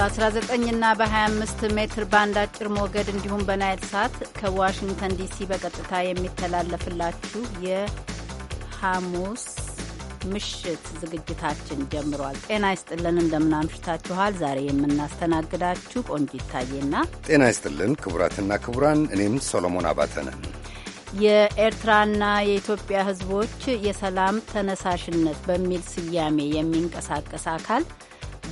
በ19ና በ25 ሜትር ባንድ አጭር ሞገድ እንዲሁም በናይል ሳት ከዋሽንግተን ዲሲ በቀጥታ የሚተላለፍላችሁ የሐሙስ ምሽት ዝግጅታችን ጀምሯል። ጤና ይስጥልን፣ እንደምናምሽታችኋል ዛሬ የምናስተናግዳችሁ ቆንጂት ይታየና፣ ጤና ይስጥልን ክቡራትና ክቡራን፣ እኔም ሶሎሞን አባተ ነን። የኤርትራና የኢትዮጵያ ሕዝቦች የሰላም ተነሳሽነት በሚል ስያሜ የሚንቀሳቀስ አካል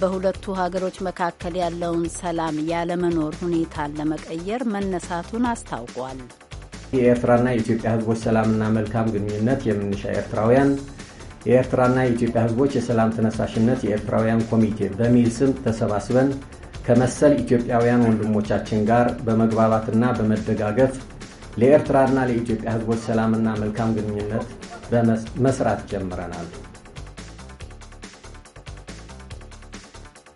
በሁለቱ ሀገሮች መካከል ያለውን ሰላም ያለመኖር ሁኔታን ለመቀየር መነሳቱን አስታውቋል። የኤርትራና የኢትዮጵያ ህዝቦች ሰላምና መልካም ግንኙነት የምንሻ ኤርትራውያን የኤርትራና የኢትዮጵያ ህዝቦች የሰላም ተነሳሽነት የኤርትራውያን ኮሚቴ በሚል ስም ተሰባስበን ከመሰል ኢትዮጵያውያን ወንድሞቻችን ጋር በመግባባትና በመደጋገፍ ለኤርትራና ለኢትዮጵያ ህዝቦች ሰላምና መልካም ግንኙነት መስራት ጀምረናል።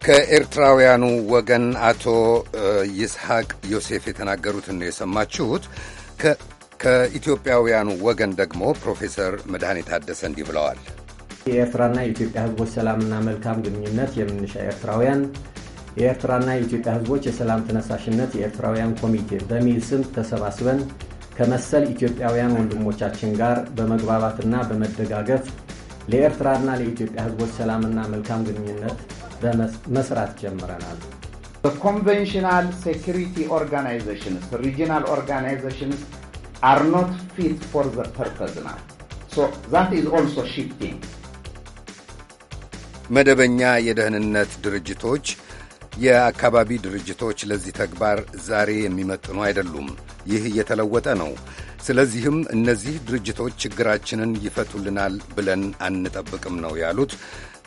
ከኤርትራውያኑ ወገን አቶ ይስሐቅ ዮሴፍ የተናገሩትን ነው የሰማችሁት። ከኢትዮጵያውያኑ ወገን ደግሞ ፕሮፌሰር መድኃኔ ታደሰ እንዲህ ብለዋል። የኤርትራና የኢትዮጵያ ሕዝቦች ሰላምና መልካም ግንኙነት የምንሻ ኤርትራውያን የኤርትራና የኢትዮጵያ ሕዝቦች የሰላም ተነሳሽነት የኤርትራውያን ኮሚቴ በሚል ስም ተሰባስበን ከመሰል ኢትዮጵያውያን ወንድሞቻችን ጋር በመግባባትና በመደጋገፍ ለኤርትራና ለኢትዮጵያ ሕዝቦች ሰላምና መልካም ግንኙነት መስራት ጀምረናል። ኮንቨንሽናል ሴኪሪቲ ኦርጋናይዜሽንስ ሪጂናል ኦርጋናይዜሽንስ አር ኖት ፊት ፎር ዘ ፐርፐዝ ናት። ዛት ኢዝ ኦልሶ ሺፍቲንግ መደበኛ የደህንነት ድርጅቶች የአካባቢ ድርጅቶች ለዚህ ተግባር ዛሬ የሚመጥኑ አይደሉም። ይህ እየተለወጠ ነው። ስለዚህም እነዚህ ድርጅቶች ችግራችንን ይፈቱልናል ብለን አንጠብቅም ነው ያሉት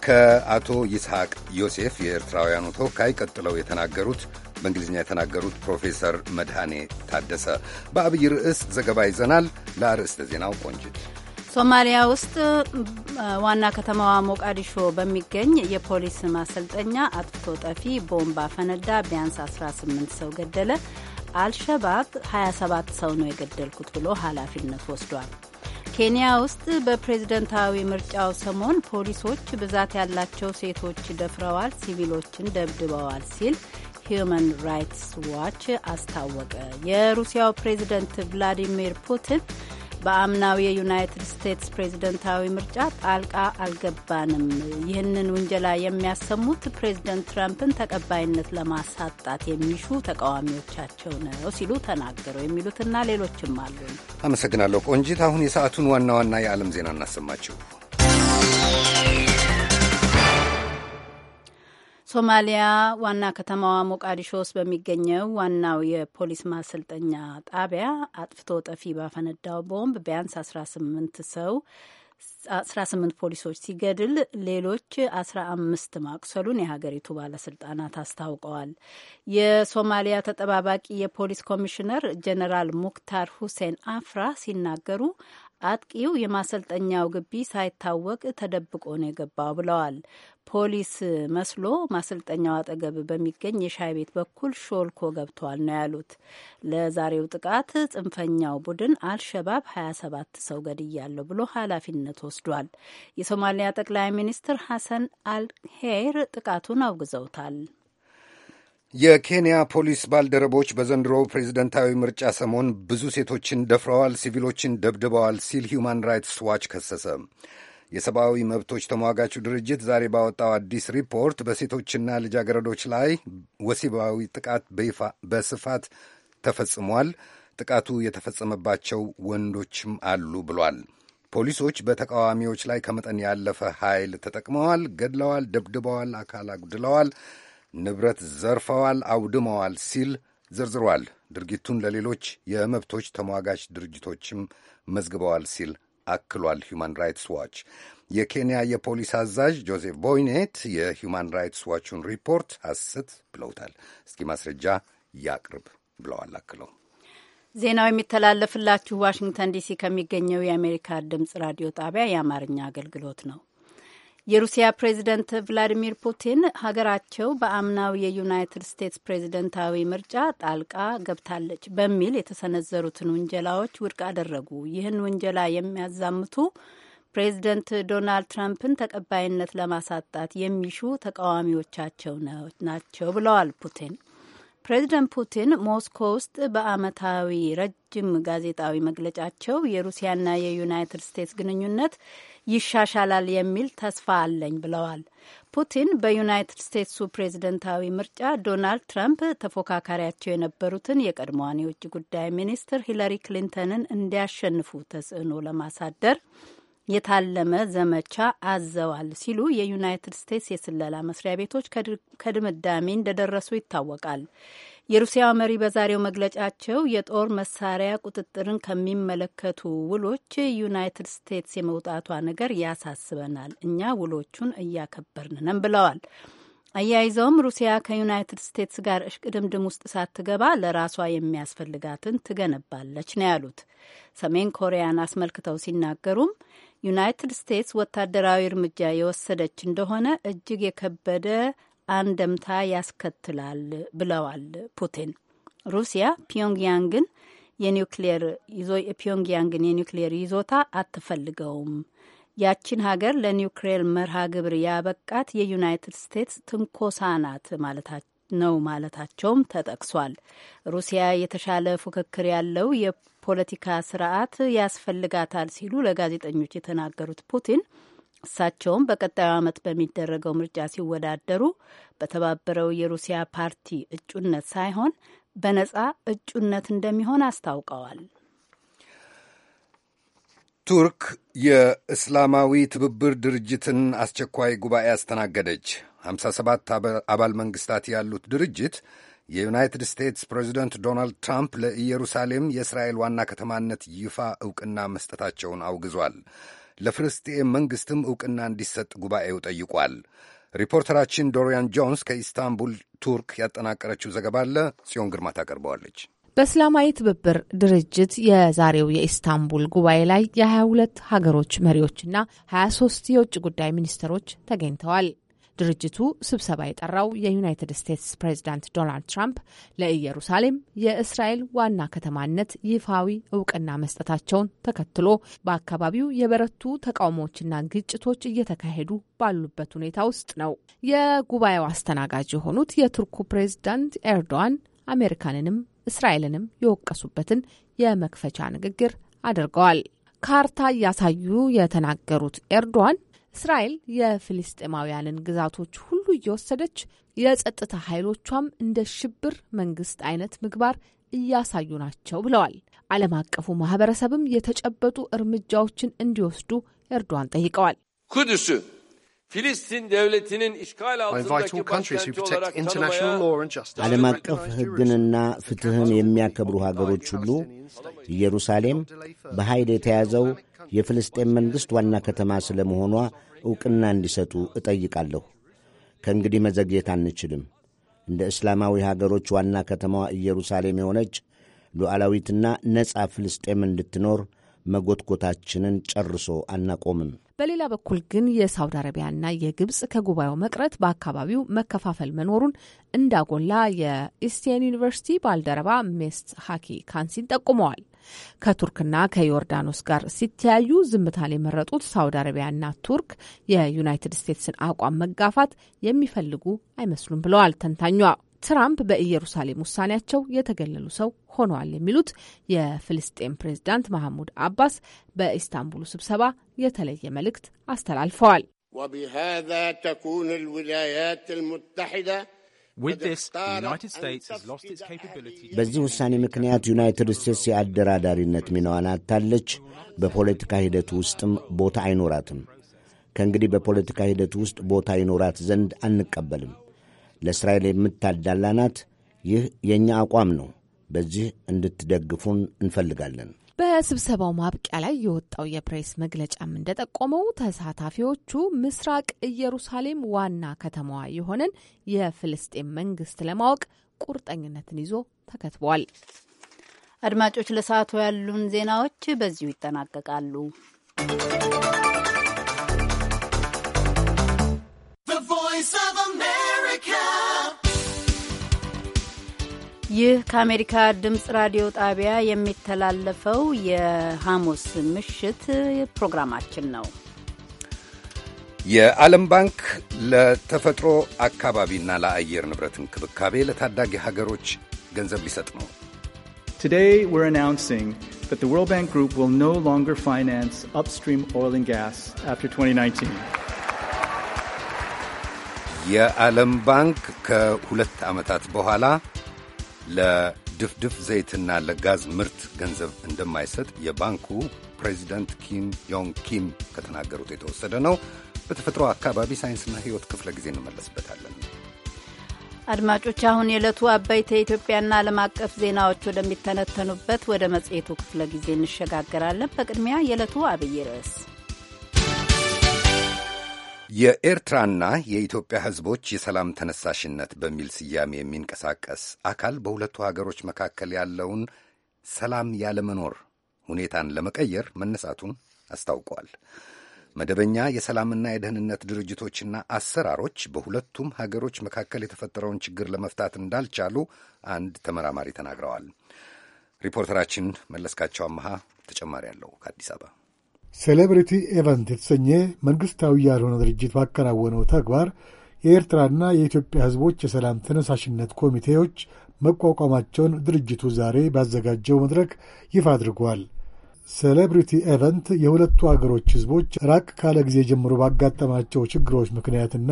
ከአቶ ይስሐቅ ዮሴፍ የኤርትራውያኑ ተወካይ ቀጥለው የተናገሩት በእንግሊዝኛ የተናገሩት ፕሮፌሰር መድኃኔ ታደሰ በአብይ ርዕስ ዘገባ ይዘናል። ለአርዕስተ ዜናው ቆንጅት። ሶማሊያ ውስጥ ዋና ከተማዋ ሞቃዲሾ በሚገኝ የፖሊስ ማሰልጠኛ አጥፍቶ ጠፊ ቦምባ ፈነዳ ቢያንስ 18 ሰው ገደለ። አልሸባብ 27 ሰው ነው የገደልኩት ብሎ ኃላፊነት ወስዷል። ኬንያ ውስጥ በፕሬዝደንታዊ ምርጫው ሰሞን ፖሊሶች ብዛት ያላቸው ሴቶች ደፍረዋል፣ ሲቪሎችን ደብድበዋል ሲል ሂዩማን ራይትስ ዋች አስታወቀ። የሩሲያው ፕሬዝደንት ቭላዲሚር ፑቲን በአምናዊ የዩናይትድ ስቴትስ ፕሬዝደንታዊ ምርጫ ጣልቃ አልገባንም። ይህንን ውንጀላ የሚያሰሙት ፕሬዝደንት ትራምፕን ተቀባይነት ለማሳጣት የሚሹ ተቃዋሚዎቻቸው ነው ሲሉ ተናገሩ። የሚሉትና ሌሎችም አሉ። አመሰግናለሁ ቆንጂት። አሁን የሰዓቱን ዋና ዋና የዓለም ዜና እናሰማችሁ። ሶማሊያ ዋና ከተማዋ ሞቃዲሾ ውስጥ በሚገኘው ዋናው የፖሊስ ማሰልጠኛ ጣቢያ አጥፍቶ ጠፊ ባፈነዳው ቦምብ ቢያንስ 18 ሰው 18 ፖሊሶች ሲገድል ሌሎች 15 ማቁሰሉን የሀገሪቱ ባለስልጣናት አስታውቀዋል። የሶማሊያ ተጠባባቂ የፖሊስ ኮሚሽነር ጀነራል ሙክታር ሁሴን አፍራ ሲናገሩ አጥቂው የማሰልጠኛው ግቢ ሳይታወቅ ተደብቆ ነው የገባው ብለዋል። ፖሊስ መስሎ ማሰልጠኛው አጠገብ በሚገኝ የሻይ ቤት በኩል ሾልኮ ገብተዋል ነው ያሉት። ለዛሬው ጥቃት ጽንፈኛው ቡድን አልሸባብ 27 ሰው ገድያለሁ ብሎ ኃላፊነት ወስዷል። የሶማሊያ ጠቅላይ ሚኒስትር ሐሰን አልሄር ጥቃቱን አውግዘውታል። የኬንያ ፖሊስ ባልደረቦች በዘንድሮ ፕሬዝደንታዊ ምርጫ ሰሞን ብዙ ሴቶችን ደፍረዋል፣ ሲቪሎችን ደብድበዋል ሲል ሂውማን ራይትስ ዋች ከሰሰ። የሰብአዊ መብቶች ተሟጋቹ ድርጅት ዛሬ ባወጣው አዲስ ሪፖርት በሴቶችና ልጃገረዶች ላይ ወሲባዊ ጥቃት በስፋት ተፈጽሟል፣ ጥቃቱ የተፈጸመባቸው ወንዶችም አሉ ብሏል። ፖሊሶች በተቃዋሚዎች ላይ ከመጠን ያለፈ ኃይል ተጠቅመዋል፣ ገድለዋል፣ ደብድበዋል፣ አካል አጉድለዋል፣ ንብረት ዘርፈዋል፣ አውድመዋል ሲል ዘርዝሯል። ድርጊቱን ለሌሎች የመብቶች ተሟጋች ድርጅቶችም መዝግበዋል ሲል አክሏል። ሁማን ራይትስ ዋች የኬንያ የፖሊስ አዛዥ ጆሴፍ ቦይኔት የሁማን ራይትስ ዋቹን ሪፖርት ሐሰት ብለውታል። እስኪ ማስረጃ ያቅርብ ብለዋል አክለው። ዜናው የሚተላለፍላችሁ ዋሽንግተን ዲሲ ከሚገኘው የአሜሪካ ድምጽ ራዲዮ ጣቢያ የአማርኛ አገልግሎት ነው። የሩሲያ ፕሬዚደንት ቭላዲሚር ፑቲን ሀገራቸው በአምናው የዩናይትድ ስቴትስ ፕሬዚደንታዊ ምርጫ ጣልቃ ገብታለች በሚል የተሰነዘሩትን ውንጀላዎች ውድቅ አደረጉ። ይህን ውንጀላ የሚያዛምቱ ፕሬዚደንት ዶናልድ ትራምፕን ተቀባይነት ለማሳጣት የሚሹ ተቃዋሚዎቻቸው ናቸው ብለዋል ፑቲን። ፕሬዚደንት ፑቲን ሞስኮ ውስጥ በአመታዊ ረጅም ጋዜጣዊ መግለጫቸው የሩሲያና የዩናይትድ ስቴትስ ግንኙነት ይሻሻላል የሚል ተስፋ አለኝ ብለዋል። ፑቲን በዩናይትድ ስቴትሱ ፕሬዝደንታዊ ምርጫ ዶናልድ ትራምፕ ተፎካካሪያቸው የነበሩትን የቀድሞዋን የውጭ ጉዳይ ሚኒስትር ሂለሪ ክሊንተንን እንዲያሸንፉ ተጽዕኖ ለማሳደር የታለመ ዘመቻ አዘዋል ሲሉ የዩናይትድ ስቴትስ የስለላ መስሪያ ቤቶች ከድምዳሜ እንደደረሱ ይታወቃል። የሩሲያ መሪ በዛሬው መግለጫቸው የጦር መሳሪያ ቁጥጥርን ከሚመለከቱ ውሎች ዩናይትድ ስቴትስ የመውጣቷ ነገር ያሳስበናል፣ እኛ ውሎቹን እያከበርን ነን ብለዋል። አያይዘውም ሩሲያ ከዩናይትድ ስቴትስ ጋር እሽቅድምድም ውስጥ ሳትገባ ለራሷ የሚያስፈልጋትን ትገነባለች ነው ያሉት። ሰሜን ኮሪያን አስመልክተው ሲናገሩም ዩናይትድ ስቴትስ ወታደራዊ እርምጃ የወሰደች እንደሆነ እጅግ የከበደ አንደምታ ያስከትላል ብለዋል ፑቲን። ሩሲያ ፒዮንግያንግን የኒውክሌር ፒዮንግያንግን የኒውክሌር ይዞታ አትፈልገውም። ያቺን ሀገር ለኒውክሌር መርሃ ግብር ያበቃት የዩናይትድ ስቴትስ ትንኮሳ ናት ማለታቸው ነው ማለታቸውም ተጠቅሷል። ሩሲያ የተሻለ ፉክክር ያለው የፖለቲካ ስርዓት ያስፈልጋታል ሲሉ ለጋዜጠኞች የተናገሩት ፑቲን እሳቸውም በቀጣዩ ዓመት በሚደረገው ምርጫ ሲወዳደሩ በተባበረው የሩሲያ ፓርቲ እጩነት ሳይሆን በነጻ እጩነት እንደሚሆን አስታውቀዋል። ቱርክ የእስላማዊ ትብብር ድርጅትን አስቸኳይ ጉባኤ አስተናገደች። 57 አባል መንግስታት ያሉት ድርጅት የዩናይትድ ስቴትስ ፕሬዚደንት ዶናልድ ትራምፕ ለኢየሩሳሌም የእስራኤል ዋና ከተማነት ይፋ ዕውቅና መስጠታቸውን አውግዟል። ለፍልስጤም መንግሥትም ዕውቅና እንዲሰጥ ጉባኤው ጠይቋል። ሪፖርተራችን ዶሪያን ጆንስ ከኢስታንቡል ቱርክ ያጠናቀረችው ዘገባ አለ ጽዮን ግርማ ታቀርበዋለች። በእስላማዊ ትብብር ድርጅት የዛሬው የኢስታንቡል ጉባኤ ላይ የ22 ሀገሮች መሪዎችና 23 የውጭ ጉዳይ ሚኒስትሮች ተገኝተዋል። ድርጅቱ ስብሰባ የጠራው የዩናይትድ ስቴትስ ፕሬዚዳንት ዶናልድ ትራምፕ ለኢየሩሳሌም የእስራኤል ዋና ከተማነት ይፋዊ እውቅና መስጠታቸውን ተከትሎ በአካባቢው የበረቱ ተቃውሞዎችና ግጭቶች እየተካሄዱ ባሉበት ሁኔታ ውስጥ ነው። የጉባኤው አስተናጋጅ የሆኑት የቱርኩ ፕሬዚዳንት ኤርዶዋን አሜሪካንንም እስራኤልንም የወቀሱበትን የመክፈቻ ንግግር አድርገዋል። ካርታ እያሳዩ የተናገሩት ኤርዶዋን እስራኤል የፍልስጤማውያንን ግዛቶች ሁሉ እየወሰደች የጸጥታ ኃይሎቿም እንደ ሽብር መንግስት አይነት ምግባር እያሳዩ ናቸው ብለዋል። ዓለም አቀፉ ማህበረሰብም የተጨበጡ እርምጃዎችን እንዲወስዱ ኤርዶዋን ጠይቀዋል። ኩድስ ዓለም አቀፍ ሕግንና ፍትሕን የሚያከብሩ ሀገሮች ሁሉ ኢየሩሳሌም በኃይል የተያዘው የፍልስጤም መንግሥት ዋና ከተማ ስለ መሆኗ ዕውቅና እንዲሰጡ እጠይቃለሁ። ከእንግዲህ መዘግየት አንችልም። እንደ እስላማዊ ሀገሮች ዋና ከተማዋ ኢየሩሳሌም የሆነች ሉዓላዊትና ነጻ ፍልስጤም እንድትኖር መጎትጎታችንን ጨርሶ አናቆምም። በሌላ በኩል ግን የሳውዲ አረቢያና የግብጽ ከጉባኤው መቅረት በአካባቢው መከፋፈል መኖሩን እንዳጎላ የኢስቴን ዩኒቨርሲቲ ባልደረባ ሜስት ሀኪ ካንሲን ጠቁመዋል። ከቱርክና ከዮርዳኖስ ጋር ሲተያዩ ዝምታን የመረጡት ሳውዲ አረቢያና ቱርክ የዩናይትድ ስቴትስን አቋም መጋፋት የሚፈልጉ አይመስሉም ብለዋል ተንታኟ። ትራምፕ በኢየሩሳሌም ውሳኔያቸው የተገለሉ ሰው ሆነዋል የሚሉት የፍልስጤም ፕሬዝዳንት መሐሙድ አባስ በኢስታንቡሉ ስብሰባ የተለየ መልእክት አስተላልፈዋል። وبهذا تكون በዚህ ውሳኔ ምክንያት ዩናይትድ ስቴትስ የአደራዳሪነት ሚናዋን አታለች። በፖለቲካ ሂደቱ ውስጥም ቦታ አይኖራትም። ከእንግዲህ በፖለቲካ ሂደቱ ውስጥ ቦታ ይኖራት ዘንድ አንቀበልም። ለእስራኤል የምታዳላናት ይህ የእኛ አቋም ነው። በዚህ እንድትደግፉን እንፈልጋለን። በስብሰባው ማብቂያ ላይ የወጣው የፕሬስ መግለጫም እንደጠቆመው ተሳታፊዎቹ ምስራቅ ኢየሩሳሌም ዋና ከተማዋ የሆነን የፍልስጤም መንግስት ለማወቅ ቁርጠኝነትን ይዞ ተከትቧል። አድማጮች፣ ለሰዓቱ ያሉን ዜናዎች በዚሁ ይጠናቀቃሉ። ይህ ከአሜሪካ ድምፅ ራዲዮ ጣቢያ የሚተላለፈው የሐሙስ ምሽት ፕሮግራማችን ነው። የዓለም ባንክ ለተፈጥሮ አካባቢና ለአየር ንብረት እንክብካቤ ለታዳጊ ሀገሮች ገንዘብ ሊሰጥ ነው። Today we're announcing that the World Bank Group will no longer finance upstream oil and gas after 2019. የዓለም ባንክ ከሁለት ዓመታት በኋላ ለድፍድፍ ዘይትና ለጋዝ ምርት ገንዘብ እንደማይሰጥ የባንኩ ፕሬዚደንት ኪም ዮንግ ኪም ከተናገሩት የተወሰደ ነው። በተፈጥሮ አካባቢ ሳይንስና ሕይወት ክፍለ ጊዜ እንመለስበታለን። አድማጮች፣ አሁን የዕለቱ አበይት የኢትዮጵያና ዓለም አቀፍ ዜናዎች ወደሚተነተኑበት ወደ መጽሔቱ ክፍለ ጊዜ እንሸጋገራለን። በቅድሚያ የዕለቱ አብይ ርዕስ የኤርትራና የኢትዮጵያ ሕዝቦች የሰላም ተነሳሽነት በሚል ስያሜ የሚንቀሳቀስ አካል በሁለቱ ሀገሮች መካከል ያለውን ሰላም ያለመኖር ሁኔታን ለመቀየር መነሳቱን አስታውቀዋል። መደበኛ የሰላምና የደህንነት ድርጅቶችና አሰራሮች በሁለቱም ሀገሮች መካከል የተፈጠረውን ችግር ለመፍታት እንዳልቻሉ አንድ ተመራማሪ ተናግረዋል። ሪፖርተራችን መለስካቸው አመሃ ተጨማሪ አለው ከአዲስ አበባ ሴሌብሪቲ ኤቨንት የተሰኘ መንግሥታዊ ያልሆነ ድርጅት ባከናወነው ተግባር የኤርትራና የኢትዮጵያ ሕዝቦች የሰላም ተነሳሽነት ኮሚቴዎች መቋቋማቸውን ድርጅቱ ዛሬ ባዘጋጀው መድረክ ይፋ አድርጓል። ሴሌብሪቲ ኤቨንት የሁለቱ አገሮች ሕዝቦች ራቅ ካለ ጊዜ ጀምሮ ባጋጠማቸው ችግሮች ምክንያትና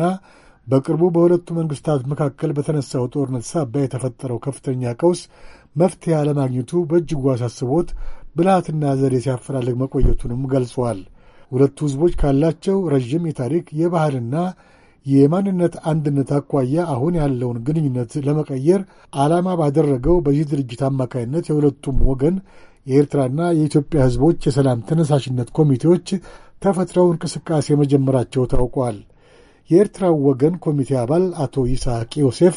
በቅርቡ በሁለቱ መንግሥታት መካከል በተነሳው ጦርነት ሳቢያ የተፈጠረው ከፍተኛ ቀውስ መፍትሄ አለማግኘቱ በእጅጉ አሳስቦት ብልሃትና ዘዴ ሲያፈላልግ መቆየቱንም ገልጸዋል። ሁለቱ ሕዝቦች ካላቸው ረዥም የታሪክ የባህልና የማንነት አንድነት አኳያ አሁን ያለውን ግንኙነት ለመቀየር ዓላማ ባደረገው በዚህ ድርጅት አማካይነት የሁለቱም ወገን የኤርትራና የኢትዮጵያ ህዝቦች የሰላም ተነሳሽነት ኮሚቴዎች ተፈጥረው እንቅስቃሴ መጀመራቸው ታውቋል። የኤርትራው ወገን ኮሚቴ አባል አቶ ይስሐቅ ዮሴፍ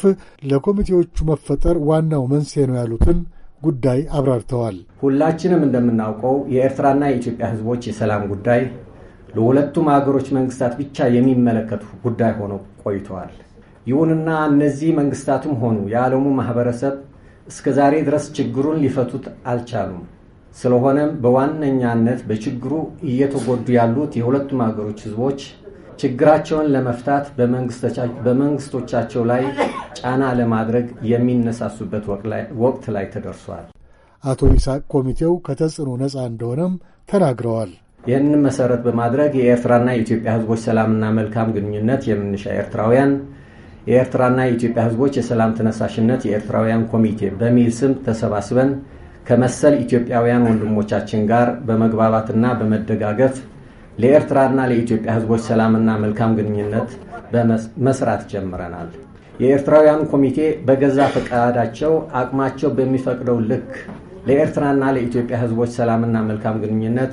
ለኮሚቴዎቹ መፈጠር ዋናው መንስኤ ነው ያሉትን ጉዳይ አብራርተዋል። ሁላችንም እንደምናውቀው የኤርትራና የኢትዮጵያ ህዝቦች የሰላም ጉዳይ ለሁለቱም ሀገሮች መንግስታት ብቻ የሚመለከቱ ጉዳይ ሆኖ ቆይተዋል። ይሁንና እነዚህ መንግስታትም ሆኑ የዓለሙ ማህበረሰብ እስከ ዛሬ ድረስ ችግሩን ሊፈቱት አልቻሉም። ስለሆነም በዋነኛነት በችግሩ እየተጎዱ ያሉት የሁለቱም ሀገሮች ህዝቦች። ችግራቸውን ለመፍታት በመንግስቶቻቸው ላይ ጫና ለማድረግ የሚነሳሱበት ወቅት ላይ ተደርሷል። አቶ ይስሐቅ ኮሚቴው ከተጽዕኖ ነፃ እንደሆነም ተናግረዋል። ይህንን መሰረት በማድረግ የኤርትራና የኢትዮጵያ ሕዝቦች ሰላምና መልካም ግንኙነት የምንሻ ኤርትራውያን የኤርትራና የኢትዮጵያ ሕዝቦች የሰላም ተነሳሽነት የኤርትራውያን ኮሚቴ በሚል ስም ተሰባስበን ከመሰል ኢትዮጵያውያን ወንድሞቻችን ጋር በመግባባትና በመደጋገፍ ለኤርትራና ለኢትዮጵያ ህዝቦች ሰላምና መልካም ግንኙነት መስራት ጀምረናል። የኤርትራውያን ኮሚቴ በገዛ ፈቃዳቸው አቅማቸው በሚፈቅደው ልክ ለኤርትራና ለኢትዮጵያ ህዝቦች ሰላምና መልካም ግንኙነት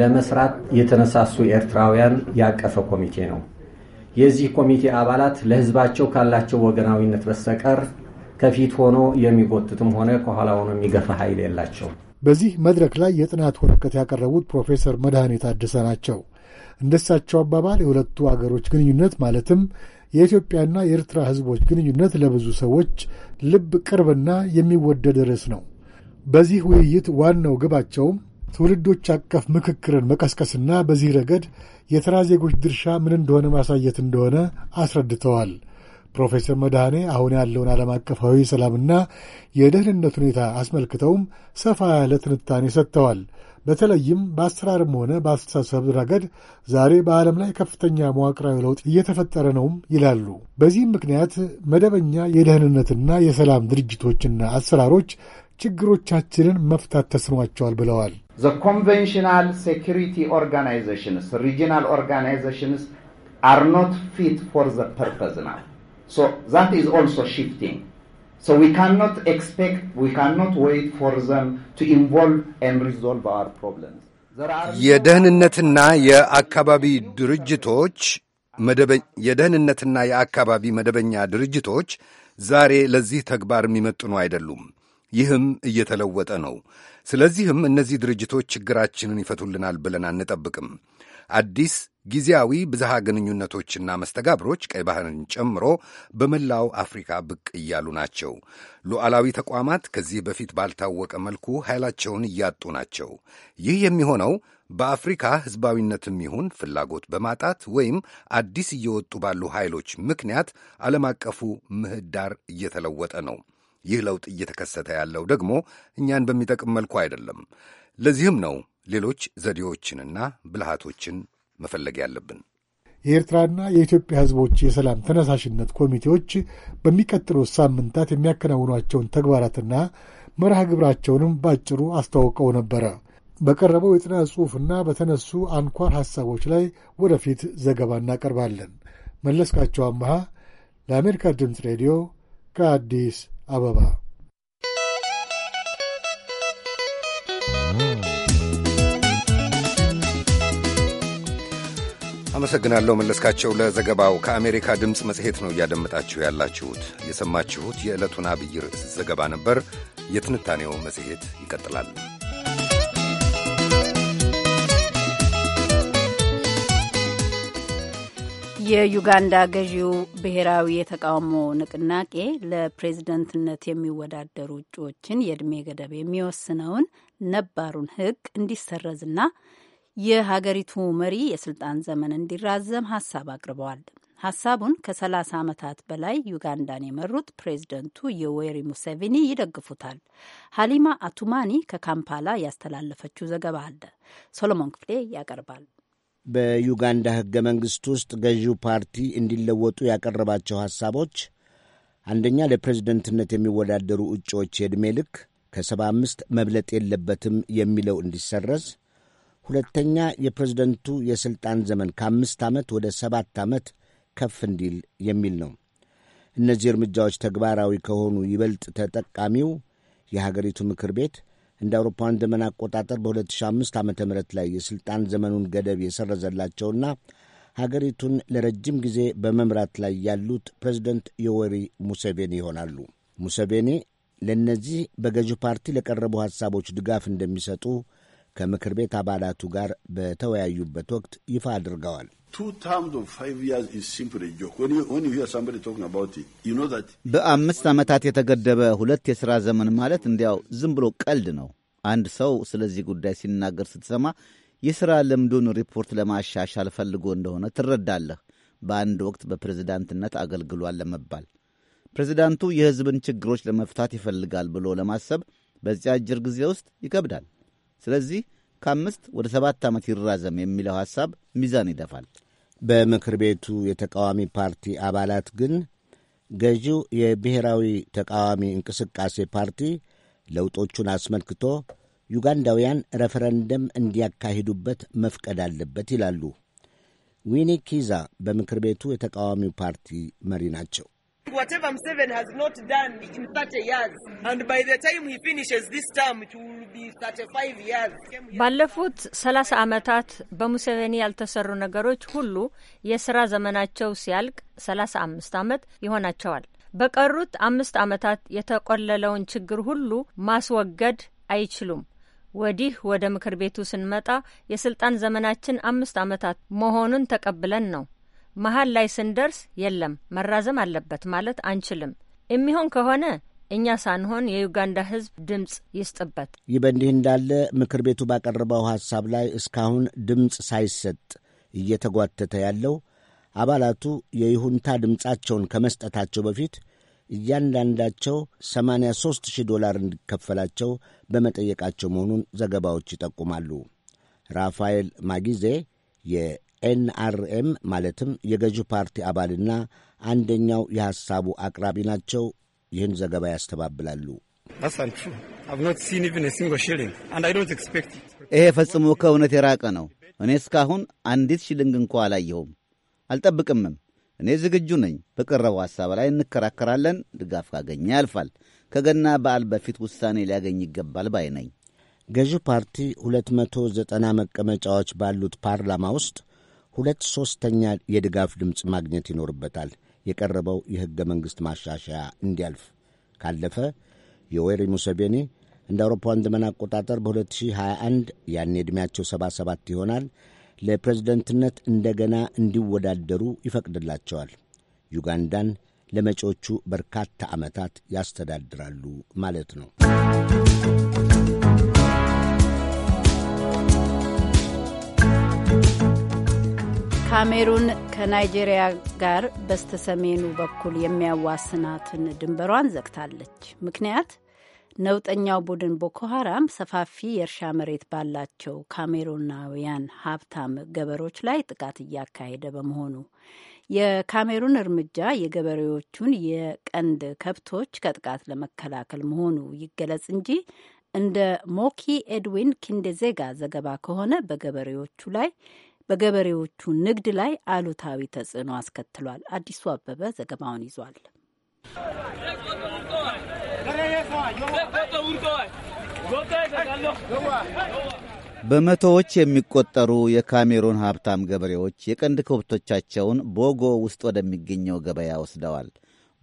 ለመስራት የተነሳሱ ኤርትራውያን ያቀፈ ኮሚቴ ነው። የዚህ ኮሚቴ አባላት ለህዝባቸው ካላቸው ወገናዊነት በስተቀር ከፊት ሆኖ የሚጎትትም ሆነ ከኋላ ሆኖ የሚገፋ ኃይል የላቸው። በዚህ መድረክ ላይ የጥናት ወረቀት ያቀረቡት ፕሮፌሰር መድኃኔ ታደሰ ናቸው። እንደሳቸው አባባል የሁለቱ አገሮች ግንኙነት ማለትም የኢትዮጵያና የኤርትራ ሕዝቦች ግንኙነት ለብዙ ሰዎች ልብ ቅርብና የሚወደድ ርዕስ ነው። በዚህ ውይይት ዋናው ግባቸውም ትውልዶች አቀፍ ምክክርን መቀስቀስና በዚህ ረገድ የተራ ዜጎች ድርሻ ምን እንደሆነ ማሳየት እንደሆነ አስረድተዋል። ፕሮፌሰር መድኃኔ አሁን ያለውን ዓለም አቀፋዊ ሰላምና የደህንነት ሁኔታ አስመልክተውም ሰፋ ያለ ትንታኔ ሰጥተዋል። በተለይም በአሰራርም ሆነ በአስተሳሰብ ረገድ ዛሬ በዓለም ላይ ከፍተኛ መዋቅራዊ ለውጥ እየተፈጠረ ነውም ይላሉ። በዚህም ምክንያት መደበኛ የደህንነትና የሰላም ድርጅቶችና አሰራሮች ችግሮቻችንን መፍታት ተስኗቸዋል ብለዋል። ዘ ኮንቨንሽናል ሴኪሪቲ ኦርጋናይዜሽንስ ሪጂናል ኦርጋናይዜሽንስ አር ኖት ፊት ፎር ዘ ፐርፐዝ ናው So that is also shifting. So we cannot expect, we cannot wait for them to involve and resolve our problems. የደህንነትና የአካባቢ ድርጅቶች የደህንነትና የአካባቢ መደበኛ ድርጅቶች ዛሬ ለዚህ ተግባር የሚመጥኑ አይደሉም። ይህም እየተለወጠ ነው። ስለዚህም እነዚህ ድርጅቶች ችግራችንን ይፈቱልናል ብለን አንጠብቅም። አዲስ ጊዜያዊ ብዝሃ ግንኙነቶችና መስተጋብሮች ቀይ ባህርን ጨምሮ በመላው አፍሪካ ብቅ እያሉ ናቸው። ሉዓላዊ ተቋማት ከዚህ በፊት ባልታወቀ መልኩ ኃይላቸውን እያጡ ናቸው። ይህ የሚሆነው በአፍሪካ ሕዝባዊነትም ይሁን ፍላጎት በማጣት ወይም አዲስ እየወጡ ባሉ ኃይሎች ምክንያት ዓለም አቀፉ ምህዳር እየተለወጠ ነው። ይህ ለውጥ እየተከሰተ ያለው ደግሞ እኛን በሚጠቅም መልኩ አይደለም። ለዚህም ነው ሌሎች ዘዴዎችንና ብልሃቶችን መፈለግ ያለብን። የኤርትራና የኢትዮጵያ ሕዝቦች የሰላም ተነሳሽነት ኮሚቴዎች በሚቀጥሉት ሳምንታት የሚያከናውኗቸውን ተግባራትና መርሃ ግብራቸውንም ባጭሩ አስተዋውቀው ነበረ። በቀረበው የጥናት ጽሑፍና በተነሱ አንኳር ሐሳቦች ላይ ወደፊት ዘገባ እናቀርባለን። መለስካቸው አመሃ ለአሜሪካ ድምፅ ሬዲዮ ከአዲስ አበባ አመሰግናለሁ መለስካቸው ለዘገባው። ከአሜሪካ ድምፅ መጽሔት ነው እያደመጣችሁ ያላችሁት። የሰማችሁት የዕለቱን አብይ ርዕስ ዘገባ ነበር። የትንታኔው መጽሔት ይቀጥላል። የዩጋንዳ ገዢው ብሔራዊ የተቃውሞ ንቅናቄ ለፕሬዝደንትነት የሚወዳደሩ እጩዎችን የእድሜ ገደብ የሚወስነውን ነባሩን ሕግ እንዲሰረዝና የሀገሪቱ መሪ የስልጣን ዘመን እንዲራዘም ሀሳብ አቅርበዋል። ሀሳቡን ከ30 ዓመታት በላይ ዩጋንዳን የመሩት ፕሬዝደንቱ ዮዌሪ ሙሴቪኒ ይደግፉታል። ሀሊማ አቱማኒ ከካምፓላ ያስተላለፈችው ዘገባ አለ። ሶሎሞን ክፍሌ ያቀርባል። በዩጋንዳ ሕገ መንግሥት ውስጥ ገዢው ፓርቲ እንዲለወጡ ያቀረባቸው ሐሳቦች አንደኛ ለፕሬዝደንትነት የሚወዳደሩ እጩዎች የዕድሜ ልክ ከሰባ አምስት መብለጥ የለበትም የሚለው እንዲሰረዝ፣ ሁለተኛ የፕሬዝደንቱ የሥልጣን ዘመን ከአምስት ዓመት ወደ ሰባት ዓመት ከፍ እንዲል የሚል ነው። እነዚህ እርምጃዎች ተግባራዊ ከሆኑ ይበልጥ ተጠቃሚው የሀገሪቱ ምክር ቤት እንደ አውሮፓውያን ዘመን አቆጣጠር በ2005 ዓ ም ላይ የሥልጣን ዘመኑን ገደብ የሰረዘላቸውና ሀገሪቱን ለረጅም ጊዜ በመምራት ላይ ያሉት ፕሬዚደንት ዮወሪ ሙሴቬኒ ይሆናሉ። ሙሴቬኒ ለእነዚህ በገዢ ፓርቲ ለቀረቡ ሐሳቦች ድጋፍ እንደሚሰጡ ከምክር ቤት አባላቱ ጋር በተወያዩበት ወቅት ይፋ አድርገዋል። በአምስት ዓመታት የተገደበ ሁለት የሥራ ዘመን ማለት እንዲያው ዝም ብሎ ቀልድ ነው። አንድ ሰው ስለዚህ ጉዳይ ሲናገር ስትሰማ የሥራ ልምዱን ሪፖርት ለማሻሻል ፈልጎ እንደሆነ ትረዳለህ። በአንድ ወቅት በፕሬዝዳንትነት አገልግሏል ለመባል ፕሬዝዳንቱ የሕዝብን ችግሮች ለመፍታት ይፈልጋል ብሎ ለማሰብ በዚያ አጭር ጊዜ ውስጥ ይከብዳል። ስለዚህ ከአምስት ወደ ሰባት ዓመት ይራዘም የሚለው ሐሳብ ሚዛን ይደፋል። በምክር ቤቱ የተቃዋሚ ፓርቲ አባላት ግን ገዢው የብሔራዊ ተቃዋሚ እንቅስቃሴ ፓርቲ ለውጦቹን አስመልክቶ ዩጋንዳውያን ረፈረንደም እንዲያካሂዱበት መፍቀድ አለበት ይላሉ። ዊኒ ኪዛ በምክር ቤቱ የተቃዋሚው ፓርቲ መሪ ናቸው። Whatever Mseven has not done in 30 years, and by the time he finishes this term, it will be 35 years. ባለፉት 30 ዓመታት በሙሴቬኒ ያልተሰሩ ነገሮች ሁሉ የስራ ዘመናቸው ሲያልቅ 35 ዓመት ይሆናቸዋል። በቀሩት አምስት ዓመታት የተቆለለውን ችግር ሁሉ ማስወገድ አይችሉም። ወዲህ ወደ ምክር ቤቱ ስንመጣ የስልጣን ዘመናችን አምስት ዓመታት መሆኑን ተቀብለን ነው መሀል ላይ ስንደርስ የለም መራዘም አለበት ማለት አንችልም። የሚሆን ከሆነ እኛ ሳንሆን የዩጋንዳ ሕዝብ ድምፅ ይስጥበት። ይህ በእንዲህ እንዳለ ምክር ቤቱ ባቀረበው ሐሳብ ላይ እስካሁን ድምፅ ሳይሰጥ እየተጓተተ ያለው አባላቱ የይሁንታ ድምፃቸውን ከመስጠታቸው በፊት እያንዳንዳቸው 83 ሺህ ዶላር እንዲከፈላቸው በመጠየቃቸው መሆኑን ዘገባዎች ይጠቁማሉ። ራፋኤል ማጊዜ ኤንአርኤም ማለትም የገዢው ፓርቲ አባልና አንደኛው የሐሳቡ አቅራቢ ናቸው። ይህን ዘገባ ያስተባብላሉ። ይሄ ፈጽሞ ከእውነት የራቀ ነው። እኔ እስካሁን አንዲት ሽልንግ እንኳ አላየሁም፣ አልጠብቅምም። እኔ ዝግጁ ነኝ። በቀረበው ሐሳብ ላይ እንከራከራለን። ድጋፍ ካገኘ ያልፋል። ከገና በዓል በፊት ውሳኔ ሊያገኝ ይገባል ባይ ነኝ። ገዢው ፓርቲ 290 መቀመጫዎች ባሉት ፓርላማ ውስጥ ሁለት ሦስተኛ የድጋፍ ድምፅ ማግኘት ይኖርበታል የቀረበው የሕገ መንግሥት ማሻሻያ እንዲያልፍ። ካለፈ ዮዌሪ ሙሴቬኒ እንደ አውሮፓውያን ዘመን አቆጣጠር በ2021 ያኔ ዕድሜያቸው 77 ይሆናል ለፕሬዝደንትነት እንደገና እንዲወዳደሩ ይፈቅድላቸዋል። ዩጋንዳን ለመጪዎቹ በርካታ ዓመታት ያስተዳድራሉ ማለት ነው። ካሜሩን ከናይጄሪያ ጋር በስተሰሜኑ በኩል የሚያዋስናትን ድንበሯን ዘግታለች። ምክንያት ነውጠኛው ቡድን ቦኮ ሀራም ሰፋፊ የእርሻ መሬት ባላቸው ካሜሩናውያን ሀብታም ገበሬዎች ላይ ጥቃት እያካሄደ በመሆኑ የካሜሩን እርምጃ የገበሬዎቹን የቀንድ ከብቶች ከጥቃት ለመከላከል መሆኑ ይገለጽ እንጂ እንደ ሞኪ ኤድዊን ኪንደዜጋ ዘገባ ከሆነ በገበሬዎቹ ላይ በገበሬዎቹ ንግድ ላይ አሉታዊ ተጽዕኖ አስከትሏል። አዲሱ አበበ ዘገባውን ይዟል። በመቶዎች የሚቆጠሩ የካሜሩን ሀብታም ገበሬዎች የቀንድ ከብቶቻቸውን ቦጎ ውስጥ ወደሚገኘው ገበያ ወስደዋል።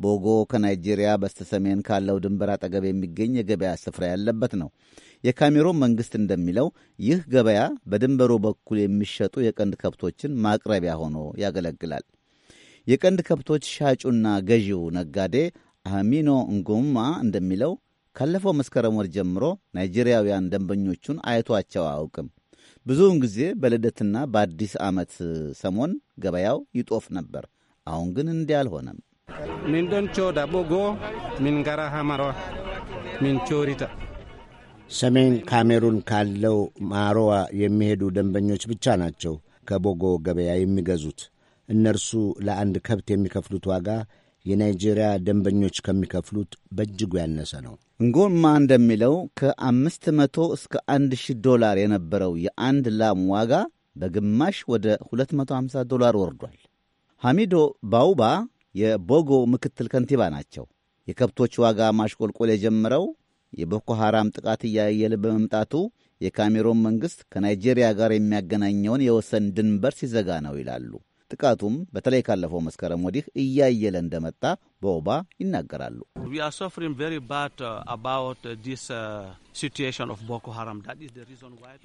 ቦጎ ከናይጄሪያ በስተሰሜን ካለው ድንበር አጠገብ የሚገኝ የገበያ ስፍራ ያለበት ነው። የካሜሮን መንግሥት እንደሚለው ይህ ገበያ በድንበሩ በኩል የሚሸጡ የቀንድ ከብቶችን ማቅረቢያ ሆኖ ያገለግላል። የቀንድ ከብቶች ሻጩና ገዢው ነጋዴ አሚኖ እንጎማ እንደሚለው ካለፈው መስከረም ወር ጀምሮ ናይጄሪያውያን ደንበኞቹን አይቷቸው አያውቅም። ብዙውን ጊዜ በልደትና በአዲስ ዓመት ሰሞን ገበያው ይጦፍ ነበር። አሁን ግን እንዲህ አልሆነም። ሚንዶንቾ ዳቦጎ ሚንጋራ ሚንቾሪታ ሰሜን ካሜሩን ካለው ማሮዋ የሚሄዱ ደንበኞች ብቻ ናቸው ከቦጎ ገበያ የሚገዙት። እነርሱ ለአንድ ከብት የሚከፍሉት ዋጋ የናይጄሪያ ደንበኞች ከሚከፍሉት በእጅጉ ያነሰ ነው። እንጎማ እንደሚለው ከአምስት መቶ እስከ አንድ ሺህ ዶላር የነበረው የአንድ ላም ዋጋ በግማሽ ወደ 250 ዶላር ወርዷል። ሐሚዶ ባውባ የቦጎ ምክትል ከንቲባ ናቸው። የከብቶች ዋጋ ማሽቆልቆል የጀመረው የቦኮ ሐራም ጥቃት እያየለ በመምጣቱ የካሜሮን መንግሥት ከናይጄሪያ ጋር የሚያገናኘውን የወሰን ድንበር ሲዘጋ ነው ይላሉ። ጥቃቱም በተለይ ካለፈው መስከረም ወዲህ እያየለ እንደመጣ በኦባ ይናገራሉ። uh, uh, uh,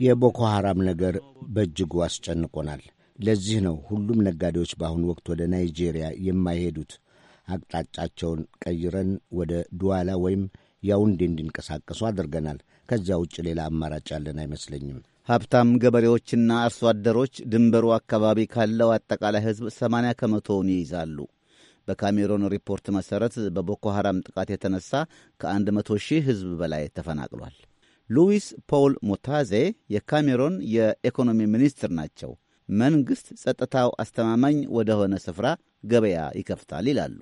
የቦኮ ሐራም ነገር በእጅጉ አስጨንቆናል። ለዚህ ነው ሁሉም ነጋዴዎች በአሁኑ ወቅት ወደ ናይጄሪያ የማይሄዱት። አቅጣጫቸውን ቀይረን ወደ ዱዋላ ወይም ያውንዴ እንዲንቀሳቀሱ አድርገናል። ከዚያ ውጭ ሌላ አማራጭ ያለን አይመስለኝም። ሀብታም ገበሬዎችና አርሶ አደሮች ድንበሩ አካባቢ ካለው አጠቃላይ ሕዝብ 80 ከመቶውን ይይዛሉ። በካሜሮን ሪፖርት መሠረት በቦኮ ሐራም ጥቃት የተነሳ ከ100 ሺህ ሕዝብ በላይ ተፈናቅሏል። ሉዊስ ፖል ሞታዜ የካሜሮን የኢኮኖሚ ሚኒስትር ናቸው። መንግሥት ጸጥታው አስተማማኝ ወደሆነ ስፍራ ገበያ ይከፍታል ይላሉ።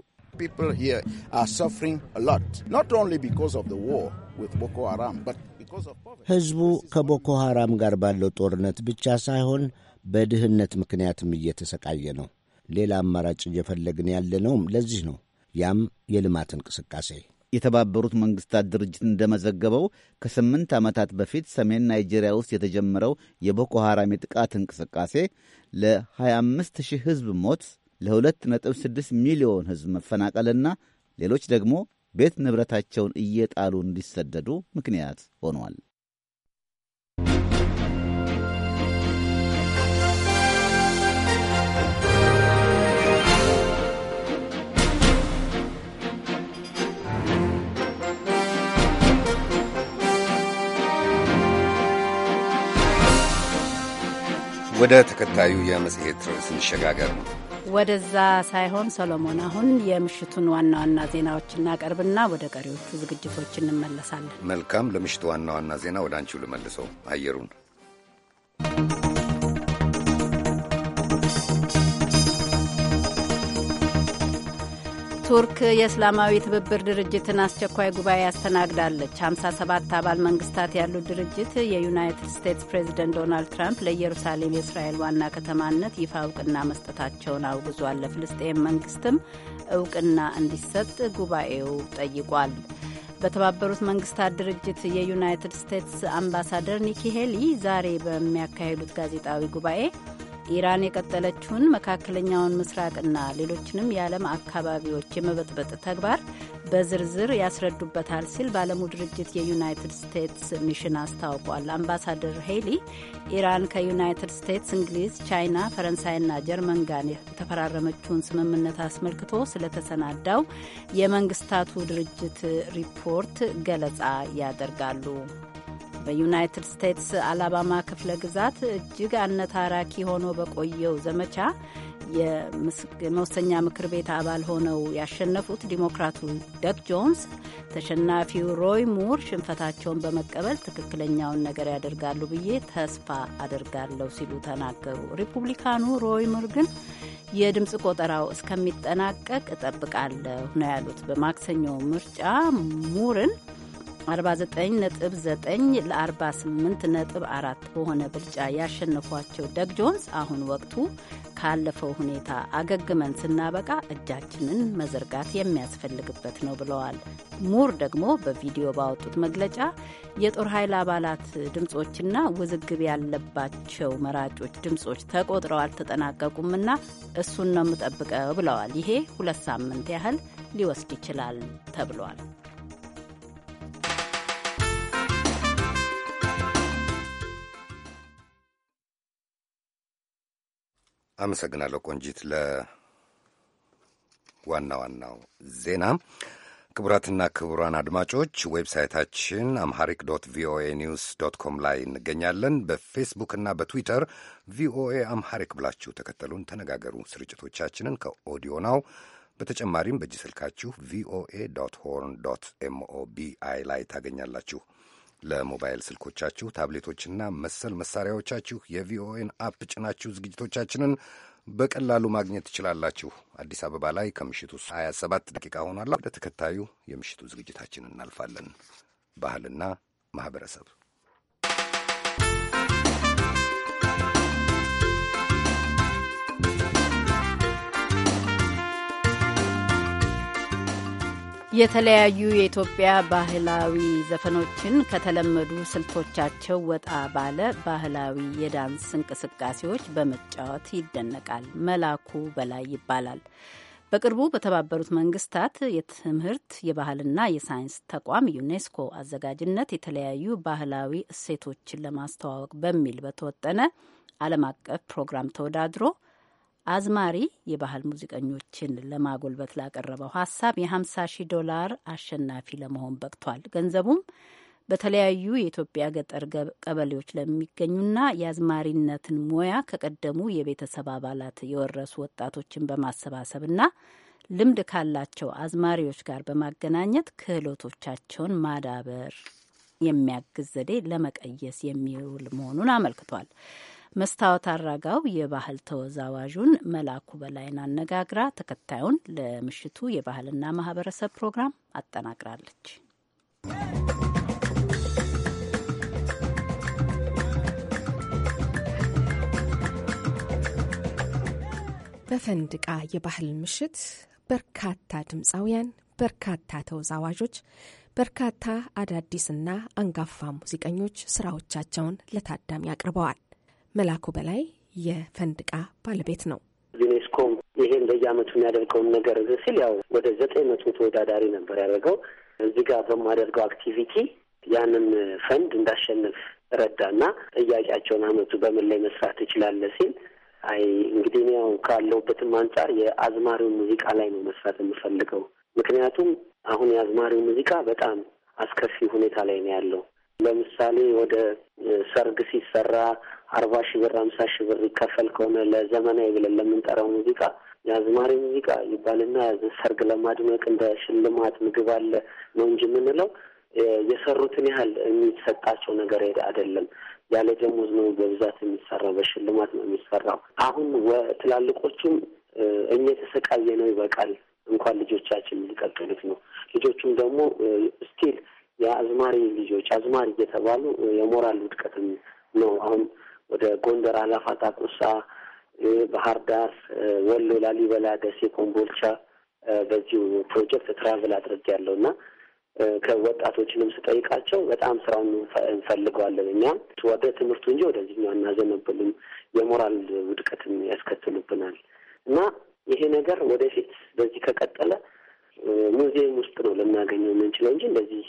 ሕዝቡ ከቦኮ ሐራም ጋር ባለው ጦርነት ብቻ ሳይሆን በድህነት ምክንያትም እየተሰቃየ ነው። ሌላ አማራጭ እየፈለግን ያለነውም ለዚህ ነው። ያም የልማት እንቅስቃሴ የተባበሩት መንግስታት ድርጅት እንደመዘገበው ከስምንት ዓመታት በፊት ሰሜን ናይጄሪያ ውስጥ የተጀመረው የቦኮ ሐራም የጥቃት እንቅስቃሴ ለ25 ሺህ ሕዝብ ሞት ለ2.6 ሚሊዮን ሕዝብ መፈናቀልና ሌሎች ደግሞ ቤት ንብረታቸውን እየጣሉ እንዲሰደዱ ምክንያት ሆኗል። ወደ ተከታዩ የመጽሔት ርዕስ እንሸጋገር ነው። ወደዛ ሳይሆን ሰሎሞን፣ አሁን የምሽቱን ዋና ዋና ዜናዎች እናቀርብና ወደ ቀሪዎቹ ዝግጅቶች እንመለሳለን። መልካም። ለምሽቱ ዋና ዋና ዜና ወደ አንቺው ልመልሰው አየሩን ቱርክ የእስላማዊ ትብብር ድርጅትን አስቸኳይ ጉባኤ ያስተናግዳለች። 57 አባል መንግስታት ያሉት ድርጅት የዩናይትድ ስቴትስ ፕሬዚደንት ዶናልድ ትራምፕ ለኢየሩሳሌም የእስራኤል ዋና ከተማነት ይፋ እውቅና መስጠታቸውን አውግዟል። ለፍልስጤም መንግስትም እውቅና እንዲሰጥ ጉባኤው ጠይቋል። በተባበሩት መንግስታት ድርጅት የዩናይትድ ስቴትስ አምባሳደር ኒኪ ሄሊ ዛሬ በሚያካሂዱት ጋዜጣዊ ጉባኤ ኢራን የቀጠለችውን መካከለኛውን ምስራቅና ሌሎችንም የዓለም አካባቢዎች የመበጥበጥ ተግባር በዝርዝር ያስረዱበታል ሲል በዓለሙ ድርጅት የዩናይትድ ስቴትስ ሚሽን አስታውቋል። አምባሳደር ሄሊ ኢራን ከዩናይትድ ስቴትስ፣ እንግሊዝ፣ ቻይና፣ ፈረንሳይና ጀርመን ጋር የተፈራረመችውን ስምምነት አስመልክቶ ስለተሰናዳው የመንግስታቱ ድርጅት ሪፖርት ገለጻ ያደርጋሉ። በዩናይትድ ስቴትስ አላባማ ክፍለ ግዛት እጅግ አነታራኪ ሆኖ በቆየው ዘመቻ የመወሰኛ ምክር ቤት አባል ሆነው ያሸነፉት ዲሞክራቱ ደክ ጆንስ ተሸናፊው ሮይ ሙር ሽንፈታቸውን በመቀበል ትክክለኛውን ነገር ያደርጋሉ ብዬ ተስፋ አደርጋለሁ ሲሉ ተናገሩ። ሪፑብሊካኑ ሮይ ሙር ግን የድምፅ ቆጠራው እስከሚጠናቀቅ እጠብቃለሁ ነው ያሉት። በማክሰኞ ምርጫ ሙርን 49.9 ለ48.4 በሆነ ብልጫ ያሸነፏቸው ደግ ጆንስ አሁን ወቅቱ ካለፈው ሁኔታ አገግመን ስናበቃ እጃችንን መዘርጋት የሚያስፈልግበት ነው ብለዋል። ሙር ደግሞ በቪዲዮ ባወጡት መግለጫ የጦር ኃይል አባላት ድምጾችና ውዝግብ ያለባቸው መራጮች ድምጾች ተቆጥረው አልተጠናቀቁምና እሱን ነው የምጠብቀው ብለዋል። ይሄ ሁለት ሳምንት ያህል ሊወስድ ይችላል ተብሏል። አመሰግናለሁ ቆንጂት። ለዋና ዋናው ዜና ክቡራትና ክቡራን አድማጮች ዌብሳይታችን አምሃሪክ ዶት ቪኦኤ ኒውስ ዶት ኮም ላይ እንገኛለን። በፌስቡክና በትዊተር ቪኦኤ አምሃሪክ ብላችሁ ተከተሉን፣ ተነጋገሩ። ስርጭቶቻችንን ከኦዲዮ ናው በተጨማሪም በእጅ ስልካችሁ ቪኦኤ ዶት ሆርን ዶት ኤምኦቢአይ ላይ ታገኛላችሁ። ለሞባይል ስልኮቻችሁ ታብሌቶችና መሰል መሳሪያዎቻችሁ የቪኦኤን አፕ ጭናችሁ ዝግጅቶቻችንን በቀላሉ ማግኘት ትችላላችሁ። አዲስ አበባ ላይ ከምሽቱ 27 ደቂቃ ሆኗል። ወደ ተከታዩ የምሽቱ ዝግጅታችን እናልፋለን። ባህልና ማህበረሰብ። የተለያዩ የኢትዮጵያ ባህላዊ ዘፈኖችን ከተለመዱ ስልቶቻቸው ወጣ ባለ ባህላዊ የዳንስ እንቅስቃሴዎች በመጫወት ይደነቃል። መላኩ በላይ ይባላል። በቅርቡ በተባበሩት መንግስታት የትምህርት የባህልና የሳይንስ ተቋም ዩኔስኮ አዘጋጅነት የተለያዩ ባህላዊ እሴቶችን ለማስተዋወቅ በሚል በተወጠነ ዓለም አቀፍ ፕሮግራም ተወዳድሮ አዝማሪ የባህል ሙዚቀኞችን ለማጎልበት ላቀረበው ሀሳብ የ50 ሺህ ዶላር አሸናፊ ለመሆን በቅቷል። ገንዘቡም በተለያዩ የኢትዮጵያ ገጠር ቀበሌዎች ለሚገኙና የአዝማሪነትን ሙያ ከቀደሙ የቤተሰብ አባላት የወረሱ ወጣቶችን በማሰባሰብና ልምድ ካላቸው አዝማሪዎች ጋር በማገናኘት ክህሎቶቻቸውን ማዳበር የሚያግዝ ዘዴ ለመቀየስ የሚውል መሆኑን አመልክቷል። መስታወት አራጋው የባህል ተወዛዋዡን መላኩ በላይን አነጋግራ ተከታዩን ለምሽቱ የባህልና ማህበረሰብ ፕሮግራም አጠናቅራለች። በፈንድቃ የባህል ምሽት በርካታ ድምፃውያን፣ በርካታ ተወዛዋዦች፣ በርካታ አዳዲስና አንጋፋ ሙዚቀኞች ስራዎቻቸውን ለታዳሚ አቅርበዋል። መላኩ በላይ የፈንድቃ ባለቤት ነው። ዩኔስኮ ይሄን በየአመቱ የሚያደርገውን ነገር ሲል ያው ወደ ዘጠኝ መቶ ተወዳዳሪ ነበር ያደርገው እዚህ ጋር በማደርገው አክቲቪቲ ያንን ፈንድ እንዳሸንፍ ረዳና ጥያቄያቸውን አመቱ በምን ላይ መስራት ትችላለህ ሲል አይ እንግዲህ ያው ካለሁበትም አንጻር የአዝማሪውን ሙዚቃ ላይ ነው መስራት የምፈልገው። ምክንያቱም አሁን የአዝማሪው ሙዚቃ በጣም አስከፊ ሁኔታ ላይ ነው ያለው። ለምሳሌ ወደ ሰርግ ሲሰራ አርባ ሺ ብር አምሳ ሺ ብር ይከፈል ከሆነ ለዘመናዊ ብለን ለምንጠራው ሙዚቃ የአዝማሪ ሙዚቃ ይባልና ሰርግ ለማድመቅ እንደ ሽልማት ምግብ አለ ነው እንጂ የምንለው የሰሩትን ያህል የሚሰጣቸው ነገር አይደለም። ያለ ደሞዝ ነው በብዛት የሚሰራው፣ በሽልማት ነው የሚሰራው። አሁን ትላልቆቹም እኛ የተሰቃየ ነው ይበቃል፣ እንኳን ልጆቻችን የሚቀጥሉት ነው። ልጆቹም ደግሞ ስቲል የአዝማሪ ልጆች አዝማሪ እየተባሉ የሞራል ውድቀትም ነው አሁን ወደ ጎንደር፣ አላፋታ፣ ቁሳ፣ ባህር ዳር፣ ወሎ፣ ላሊበላ፣ ደሴ፣ ኮምቦልቻ በዚሁ ፕሮጀክት ትራቭል አድርግ ያለው እና ከወጣቶችንም ስጠይቃቸው በጣም ስራውን እንፈልገዋለን እኛ ወደ ትምህርቱ እንጂ ወደዚህኛው አናዘነብልም፣ የሞራል ውድቀትም ያስከትሉብናል እና ይሄ ነገር ወደፊት በዚህ ከቀጠለ ሙዚየም ውስጥ ነው ልናገኘው የምንችለው እንጂ እንደዚህ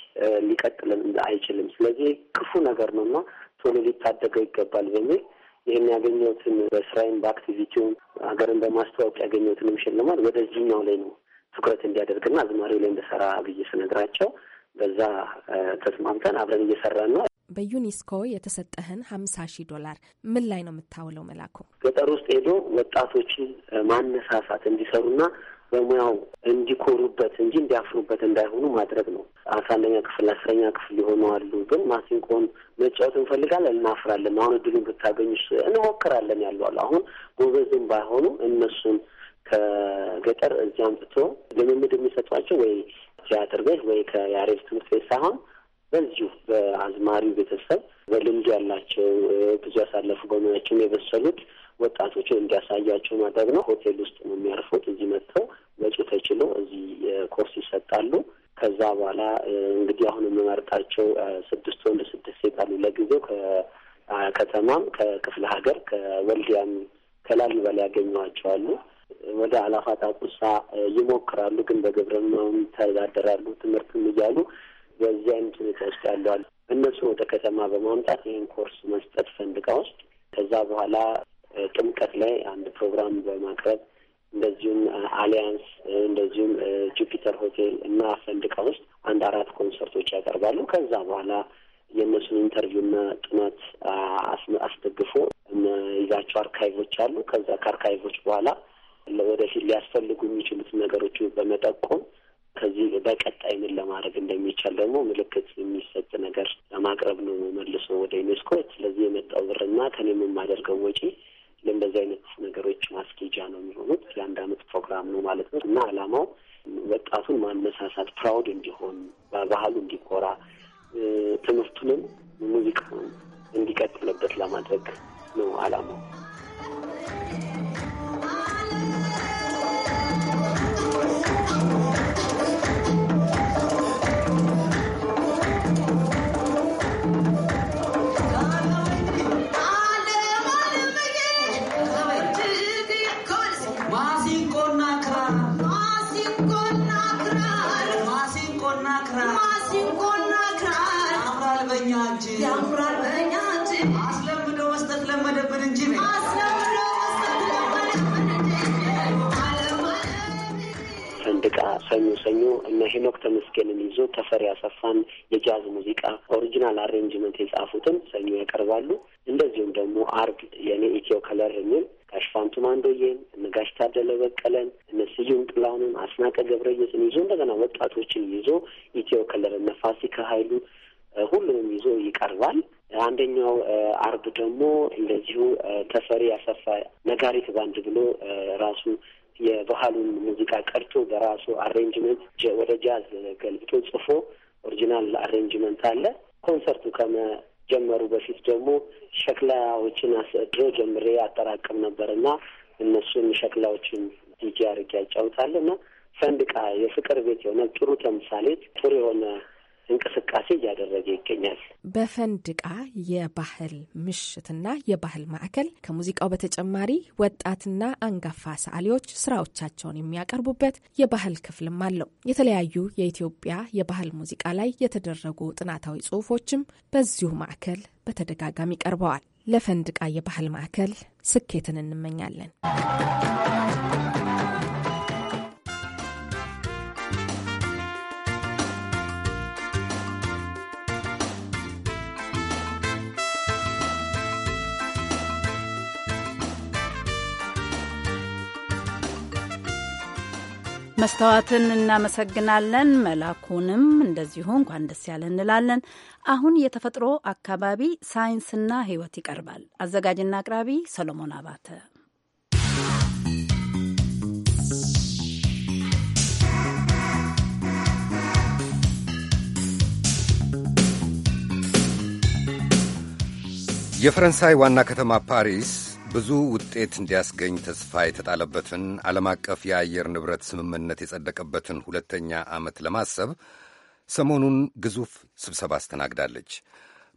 ሊቀጥልን አይችልም። ስለዚህ ክፉ ነገር ነው እና ቶሎ ሊታደገው ይገባል በሚል ይህን ያገኘሁትን በስራይም በአክቲቪቲውም ሀገርን በማስተዋወቅ ያገኘሁትንም ሽልማት ወደዚህኛው ላይ ነው ትኩረት እንዲያደርግና አዝማሪው ላይ እንደሰራ ብዬ ስነግራቸው በዛ ተስማምተን አብረን እየሰራን ነው። በዩኔስኮ የተሰጠህን ሀምሳ ሺህ ዶላር ምን ላይ ነው የምታውለው? መላኩ ገጠር ውስጥ ሄዶ ወጣቶችን ማነሳሳት እንዲሰሩና በሙያው እንዲኮሩበት እንጂ እንዲያፍሩበት እንዳይሆኑ ማድረግ ነው። አስራ አንደኛ ክፍል አስረኛ ክፍል የሆኑ አሉ። ግን ማሲንቆን መጫወት እንፈልጋለን፣ እናፍራለን። አሁን እድሉን ብታገኙ እንሞክራለን ያሉ አሉ። አሁን ጎበዝም ባይሆኑ እነሱን ከገጠር እዚህ አምጥቶ ልምምድ የሚሰጧቸው ወይ ቲያትር ቤት ወይ ከያሬድ ትምህርት ቤት ሳይሆን በዚሁ በአዝማሪው ቤተሰብ በልምድ ያላቸው ብዙ ያሳለፉ በሙያቸውም የበሰሉት ወጣቶች እንዲያሳያቸው ማድረግ ነው። ሆቴል ውስጥ ነው የሚያርፉት። እዚህ መጥተው ወጪ ተችሎ እዚህ ኮርስ ይሰጣሉ። ከዛ በኋላ እንግዲህ አሁን የምመርጣቸው ስድስት ወንድ ስድስት ሴት አሉ። ለጊዜው ከከተማም ከክፍለ ሀገር ከወልዲያም ከላሊበላ ያገኘዋቸዋሉ። ወደ አላፋ ጣቁሳ ይሞክራሉ፣ ግን በግብርናውም ይተዳደራሉ። ትምህርትም እያሉ በዚህ አይነት ሁኔታ ውስጥ ያለዋል። እነሱ ወደ ከተማ በማምጣት ይህን ኮርስ መስጠት ፈንድቃ ውስጥ ከዛ በኋላ ጥምቀት ላይ አንድ ፕሮግራም በማቅረብ እንደዚሁም አሊያንስ እንደዚሁም ጁፒተር ሆቴል እና ፈንድቃ ውስጥ አንድ አራት ኮንሰርቶች ያቀርባሉ። ከዛ በኋላ የእነሱን ኢንተርቪውና ጥናት አስደግፎ ይዛቸው አርካይቮች አሉ። ከዛ ከአርካይቮች በኋላ ወደፊት ሊያስፈልጉ የሚችሉት ነገሮች በመጠቆም ከዚህ በቀጣይ ምን ለማድረግ እንደሚቻል ደግሞ ምልክት የሚሰጥ ነገር ለማቅረብ ነው መልሶ ወደ ዩኔስኮ። ስለዚህ የመጣው ብርና ከኔ የማደርገው ወጪ ለእንደዚህ አይነት ነገሮች ማስኬጃ ነው የሚሆኑት። የአንድ አመት ፕሮግራም ነው ማለት ነው እና አላማው ወጣቱን ማነሳሳት፣ ፕራውድ እንዲሆን፣ በባህሉ እንዲኮራ፣ ትምህርቱንም ሙዚቃ እንዲቀጥልበት ለማድረግ ነው አላማው። ሄኖክ ተመስገንን ይዞ ተፈሪ አሰፋን የጃዝ ሙዚቃ ኦሪጂናል አሬንጅመንት የጻፉትን ሰኞ ያቀርባሉ። እንደዚሁም ደግሞ አርብ የኔ ኢትዮ ከለር የሚል ከሽፋንቱ ማንዶዬን እነጋሽ ታደለ በቀለን እነ ስዩም ጥላሁንን አስናቀ ገብረየትን ይዞ እንደገና ወጣቶችን ይዞ ኢትዮ ከለር እነ ፋሲካ ኃይሉ ሁሉንም ይዞ ይቀርባል። አንደኛው አርብ ደግሞ እንደዚሁ ተፈሪ አሰፋ ነጋሪት ባንድ ብሎ ራሱ የባህሉን ሙዚቃ ቀርቶ በራሱ አሬንጅመንት ወደ ጃዝ ገልብጦ ጽፎ ኦሪጂናል አሬንጅመንት አለ። ኮንሰርቱ ከመጀመሩ በፊት ደግሞ ሸክላዎችን ድሮ ጀምሬ አጠራቅም ነበር እና እነሱን ሸክላዎችን ዲጂ አድርጌ ያጫውታል እና ፈንድቃ የፍቅር ቤት የሆነ ጥሩ ተምሳሌት ጥሩ የሆነ እንቅስቃሴ እያደረገ ይገኛል። በፈንድቃ የባህል ምሽትና የባህል ማዕከል ከሙዚቃው በተጨማሪ ወጣትና አንጋፋ ሰዓሊዎች ስራዎቻቸውን የሚያቀርቡበት የባህል ክፍልም አለው። የተለያዩ የኢትዮጵያ የባህል ሙዚቃ ላይ የተደረጉ ጥናታዊ ጽሁፎችም በዚሁ ማዕከል በተደጋጋሚ ቀርበዋል። ለፈንድቃ የባህል ማዕከል ስኬትን እንመኛለን። መስተዋትን እናመሰግናለን። መላኩንም እንደዚሁ እንኳን ደስ ያለ እንላለን። አሁን የተፈጥሮ አካባቢ ሳይንስና ሕይወት ይቀርባል። አዘጋጅና አቅራቢ ሰሎሞን አባተ። የፈረንሳይ ዋና ከተማ ፓሪስ ብዙ ውጤት እንዲያስገኝ ተስፋ የተጣለበትን ዓለም አቀፍ የአየር ንብረት ስምምነት የጸደቀበትን ሁለተኛ ዓመት ለማሰብ ሰሞኑን ግዙፍ ስብሰባ አስተናግዳለች።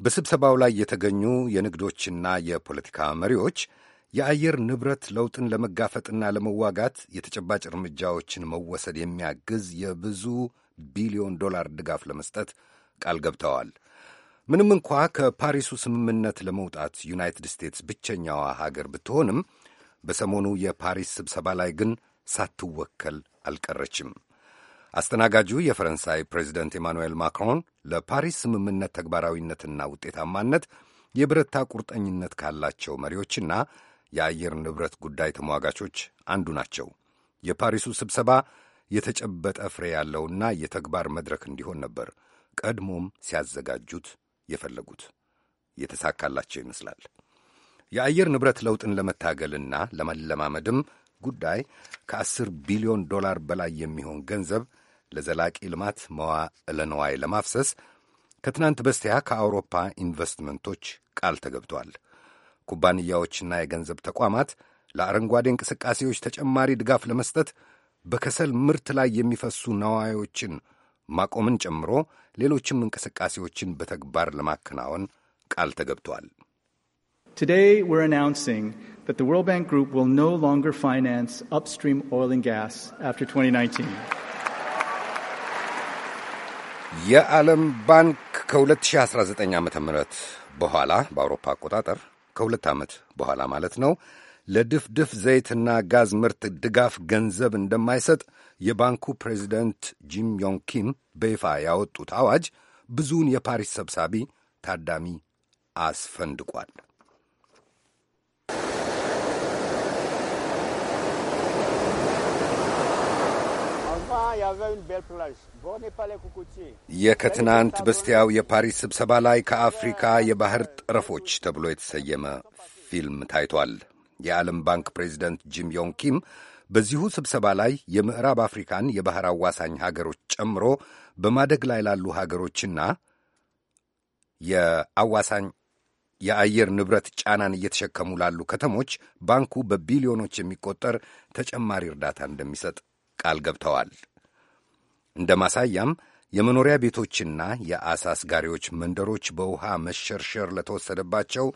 በስብሰባው ላይ የተገኙ የንግዶችና የፖለቲካ መሪዎች የአየር ንብረት ለውጥን ለመጋፈጥና ለመዋጋት የተጨባጭ እርምጃዎችን መወሰድ የሚያግዝ የብዙ ቢሊዮን ዶላር ድጋፍ ለመስጠት ቃል ገብተዋል። ምንም እንኳ ከፓሪሱ ስምምነት ለመውጣት ዩናይትድ ስቴትስ ብቸኛዋ ሀገር ብትሆንም በሰሞኑ የፓሪስ ስብሰባ ላይ ግን ሳትወከል አልቀረችም። አስተናጋጁ የፈረንሳይ ፕሬዚደንት ኤማኑኤል ማክሮን ለፓሪስ ስምምነት ተግባራዊነትና ውጤታማነት የብረታ ቁርጠኝነት ካላቸው መሪዎችና የአየር ንብረት ጉዳይ ተሟጋቾች አንዱ ናቸው። የፓሪሱ ስብሰባ የተጨበጠ ፍሬ ያለውና የተግባር መድረክ እንዲሆን ነበር ቀድሞም ሲያዘጋጁት የፈለጉት። የተሳካላቸው ይመስላል። የአየር ንብረት ለውጥን ለመታገልና ለመለማመድም ጉዳይ ከአስር ቢሊዮን ዶላር በላይ የሚሆን ገንዘብ ለዘላቂ ልማት መዋዕለ ነዋይ ለማፍሰስ ከትናንት በስቲያ ከአውሮፓ ኢንቨስትመንቶች ቃል ተገብቷል። ኩባንያዎችና የገንዘብ ተቋማት ለአረንጓዴ እንቅስቃሴዎች ተጨማሪ ድጋፍ ለመስጠት በከሰል ምርት ላይ የሚፈሱ ነዋዮችን ማቆምን ጨምሮ ሌሎችም እንቅስቃሴዎችን በተግባር ለማከናወን ቃል ተገብቷል። Today, we're announcing that the World Bank Group will no longer finance upstream oil and gas after 2019. የዓለም ባንክ ከ2019 ዓ ም በኋላ በአውሮፓ አቆጣጠር ከሁለት ዓመት በኋላ ማለት ነው ለድፍድፍ ዘይትና ጋዝ ምርት ድጋፍ ገንዘብ እንደማይሰጥ የባንኩ ፕሬዚደንት ጂም ዮንግ ኪም በይፋ ያወጡት አዋጅ ብዙውን የፓሪስ ሰብሳቢ ታዳሚ አስፈንድቋል። የከትናንት በስቲያው የፓሪስ ስብሰባ ላይ ከአፍሪካ የባህር ጠረፎች ተብሎ የተሰየመ ፊልም ታይቷል። የዓለም ባንክ ፕሬዚደንት ጂም ዮንግ ኪም በዚሁ ስብሰባ ላይ የምዕራብ አፍሪካን የባሕር አዋሳኝ ሀገሮች ጨምሮ በማደግ ላይ ላሉ ሀገሮችና የአዋሳኝ የአየር ንብረት ጫናን እየተሸከሙ ላሉ ከተሞች ባንኩ በቢሊዮኖች የሚቆጠር ተጨማሪ እርዳታ እንደሚሰጥ ቃል ገብተዋል። እንደ ማሳያም የመኖሪያ ቤቶችና የአሳ አስጋሪዎች መንደሮች በውሃ መሸርሸር ለተወሰደባቸው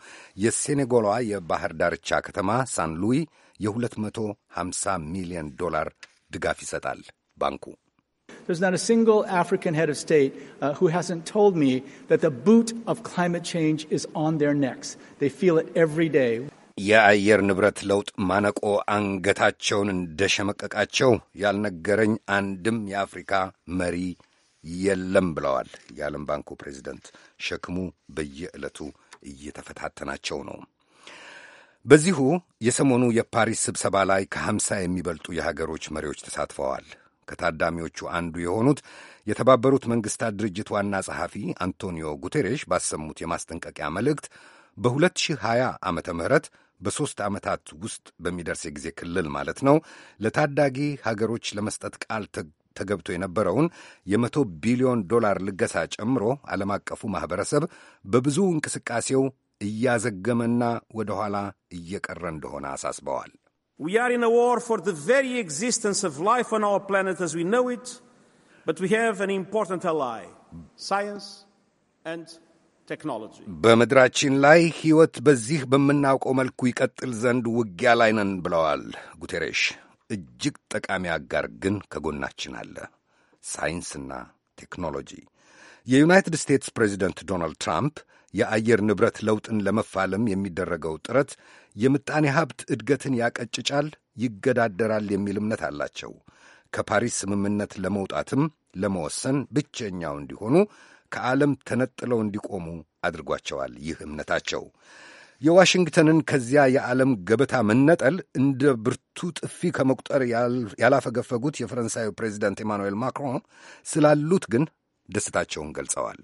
የሴኔጎሏ የባህር ዳርቻ ከተማ ሳን ሉዊ የ250 ሚሊዮን ዶላር ድጋፍ ይሰጣል ባንኩ። የአየር ንብረት ለውጥ ማነቆ አንገታቸውን እንደሸመቀቃቸው ያልነገረኝ አንድም የአፍሪካ መሪ የለም ብለዋል። የዓለም ባንኩ ፕሬዚደንት ሸክሙ በየዕለቱ እየተፈታተናቸው ነው። በዚሁ የሰሞኑ የፓሪስ ስብሰባ ላይ ከሀምሳ የሚበልጡ የሀገሮች መሪዎች ተሳትፈዋል። ከታዳሚዎቹ አንዱ የሆኑት የተባበሩት መንግሥታት ድርጅት ዋና ጸሐፊ አንቶኒዮ ጉቴሬሽ ባሰሙት የማስጠንቀቂያ መልእክት በ2020 ዓ ም በሦስት ዓመታት ውስጥ በሚደርስ የጊዜ ክልል ማለት ነው ለታዳጊ ሀገሮች ለመስጠት ቃል ተገብቶ የነበረውን የመቶ ቢሊዮን ዶላር ልገሳ ጨምሮ ዓለም አቀፉ ማኅበረሰብ በብዙ እንቅስቃሴው እያዘገመና ወደ ኋላ እየቀረ እንደሆነ አሳስበዋል። በምድራችን ላይ ሕይወት በዚህ በምናውቀው መልኩ ይቀጥል ዘንድ ውጊያ ላይ ነን ብለዋል ጉቴሬሽ። እጅግ ጠቃሚ አጋር ግን ከጎናችን አለ፣ ሳይንስና ቴክኖሎጂ። የዩናይትድ ስቴትስ ፕሬዚደንት ዶናልድ ትራምፕ የአየር ንብረት ለውጥን ለመፋለም የሚደረገው ጥረት የምጣኔ ሀብት እድገትን ያቀጭጫል፣ ይገዳደራል የሚል እምነት አላቸው። ከፓሪስ ስምምነት ለመውጣትም ለመወሰን ብቸኛው እንዲሆኑ ከዓለም ተነጥለው እንዲቆሙ አድርጓቸዋል ይህ እምነታቸው። የዋሽንግተንን ከዚያ የዓለም ገበታ መነጠል እንደ ብርቱ ጥፊ ከመቁጠር ያላፈገፈጉት የፈረንሳዩ ፕሬዚዳንት ኢማኑኤል ማክሮን ስላሉት ግን ደስታቸውን ገልጸዋል።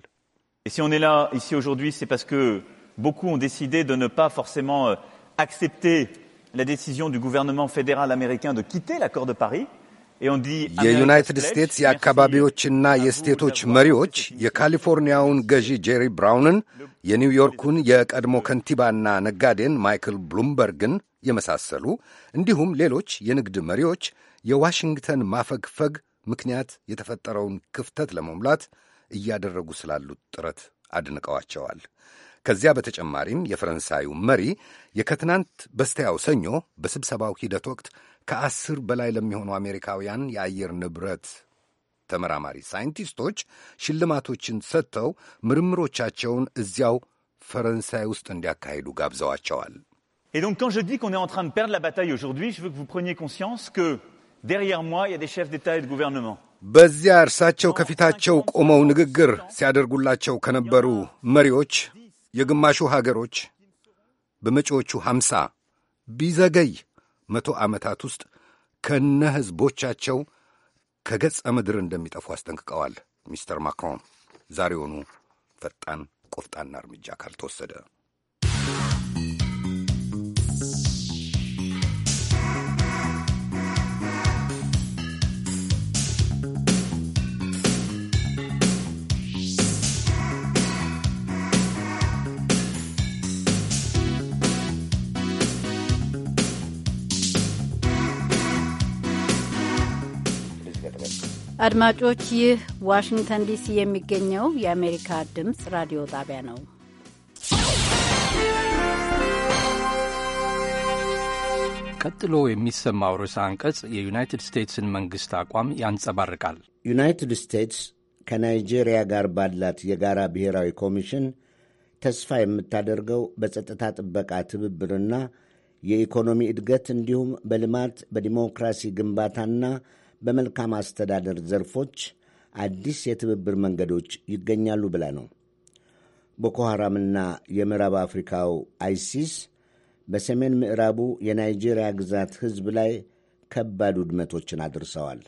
Et si on est là ici aujourd'hui, c'est parce que beaucoup ont décidé de ne pas forcément accepter la décision du gouvernement fédéral américain de quitter l'accord de Paris. የዩናይትድ ስቴትስ የአካባቢዎችና የስቴቶች መሪዎች የካሊፎርኒያውን ገዢ ጄሪ ብራውንን የኒውዮርኩን የቀድሞ ከንቲባና ነጋዴን ማይክል ብሉምበርግን የመሳሰሉ እንዲሁም ሌሎች የንግድ መሪዎች የዋሽንግተን ማፈግፈግ ምክንያት የተፈጠረውን ክፍተት ለመሙላት እያደረጉ ስላሉት ጥረት አድንቀዋቸዋል። ከዚያ በተጨማሪም የፈረንሳዩ መሪ የከትናንት በስቲያው ሰኞ በስብሰባው ሂደት ወቅት ከአስር በላይ ለሚሆኑ አሜሪካውያን የአየር ንብረት ተመራማሪ ሳይንቲስቶች ሽልማቶችን ሰጥተው ምርምሮቻቸውን እዚያው ፈረንሳይ ውስጥ እንዲያካሂዱ ጋብዘዋቸዋል። Et donc quand je dis qu'on est en train de perdre la bataille aujourd'hui, je veux que vous preniez conscience que derrière moi, il y a des chefs d'État et de gouvernement. በዚያ እርሳቸው ከፊታቸው ቆመው ንግግር ሲያደርጉላቸው ከነበሩ መሪዎች የግማሹ ሀገሮች በመጪዎቹ ሀምሳ ቢዘገይ መቶ ዓመታት ውስጥ ከነ ሕዝቦቻቸው ከገጸ ምድር እንደሚጠፉ አስጠንቅቀዋል። ሚስተር ማክሮን ዛሬውኑ ፈጣን ቆፍጣና እርምጃ ካልተወሰደ አድማጮች ይህ ዋሽንግተን ዲሲ የሚገኘው የአሜሪካ ድምፅ ራዲዮ ጣቢያ ነው። ቀጥሎ የሚሰማው ርዕሰ አንቀጽ የዩናይትድ ስቴትስን መንግሥት አቋም ያንጸባርቃል። ዩናይትድ ስቴትስ ከናይጄሪያ ጋር ባላት የጋራ ብሔራዊ ኮሚሽን ተስፋ የምታደርገው በጸጥታ ጥበቃ ትብብርና የኢኮኖሚ እድገት እንዲሁም በልማት በዲሞክራሲ ግንባታና በመልካም አስተዳደር ዘርፎች አዲስ የትብብር መንገዶች ይገኛሉ ብላ ነው። ቦኮ ሐራምና የምዕራብ አፍሪካው አይሲስ በሰሜን ምዕራቡ የናይጄሪያ ግዛት ሕዝብ ላይ ከባድ ውድመቶችን አድርሰዋል።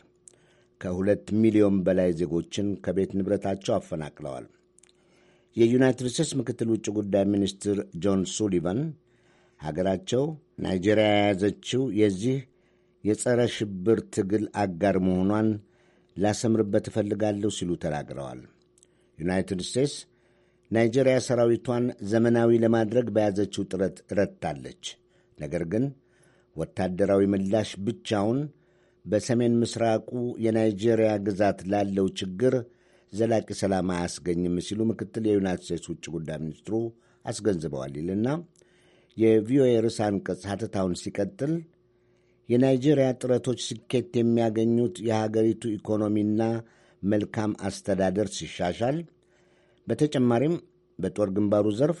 ከሁለት ሚሊዮን በላይ ዜጎችን ከቤት ንብረታቸው አፈናቅለዋል። የዩናይትድ ስቴትስ ምክትል ውጭ ጉዳይ ሚኒስትር ጆን ሱሊቫን ሀገራቸው ናይጄሪያ የያዘችው የዚህ የጸረ ሽብር ትግል አጋር መሆኗን ላሰምርበት እፈልጋለሁ ሲሉ ተናግረዋል። ዩናይትድ ስቴትስ ናይጄሪያ ሰራዊቷን ዘመናዊ ለማድረግ በያዘችው ጥረት ረድታለች። ነገር ግን ወታደራዊ ምላሽ ብቻውን በሰሜን ምስራቁ የናይጄሪያ ግዛት ላለው ችግር ዘላቂ ሰላም አያስገኝም ሲሉ ምክትል የዩናይትድ ስቴትስ ውጭ ጉዳይ ሚኒስትሩ አስገንዝበዋል ይልና የቪኦኤ ርዕሰ አንቀጽ ሐተታውን ሲቀጥል የናይጄሪያ ጥረቶች ስኬት የሚያገኙት የሀገሪቱ ኢኮኖሚና መልካም አስተዳደር ሲሻሻል፣ በተጨማሪም በጦር ግንባሩ ዘርፍ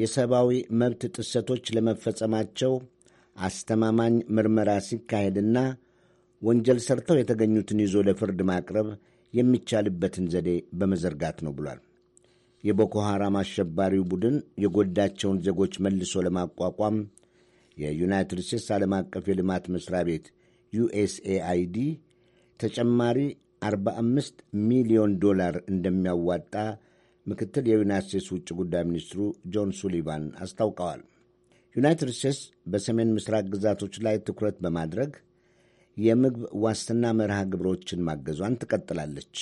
የሰብአዊ መብት ጥሰቶች ለመፈጸማቸው አስተማማኝ ምርመራ ሲካሄድና ወንጀል ሰርተው የተገኙትን ይዞ ለፍርድ ማቅረብ የሚቻልበትን ዘዴ በመዘርጋት ነው ብሏል። የቦኮ ሐራም አሸባሪው ቡድን የጎዳቸውን ዜጎች መልሶ ለማቋቋም የዩናይትድ ስቴትስ ዓለም አቀፍ የልማት መስሪያ ቤት ዩኤስኤአይዲ ተጨማሪ 45 ሚሊዮን ዶላር እንደሚያዋጣ ምክትል የዩናይት ስቴትስ ውጭ ጉዳይ ሚኒስትሩ ጆን ሱሊቫን አስታውቀዋል። ዩናይትድ ስቴትስ በሰሜን ምስራቅ ግዛቶች ላይ ትኩረት በማድረግ የምግብ ዋስትና መርሃ ግብሮችን ማገዟን ትቀጥላለች።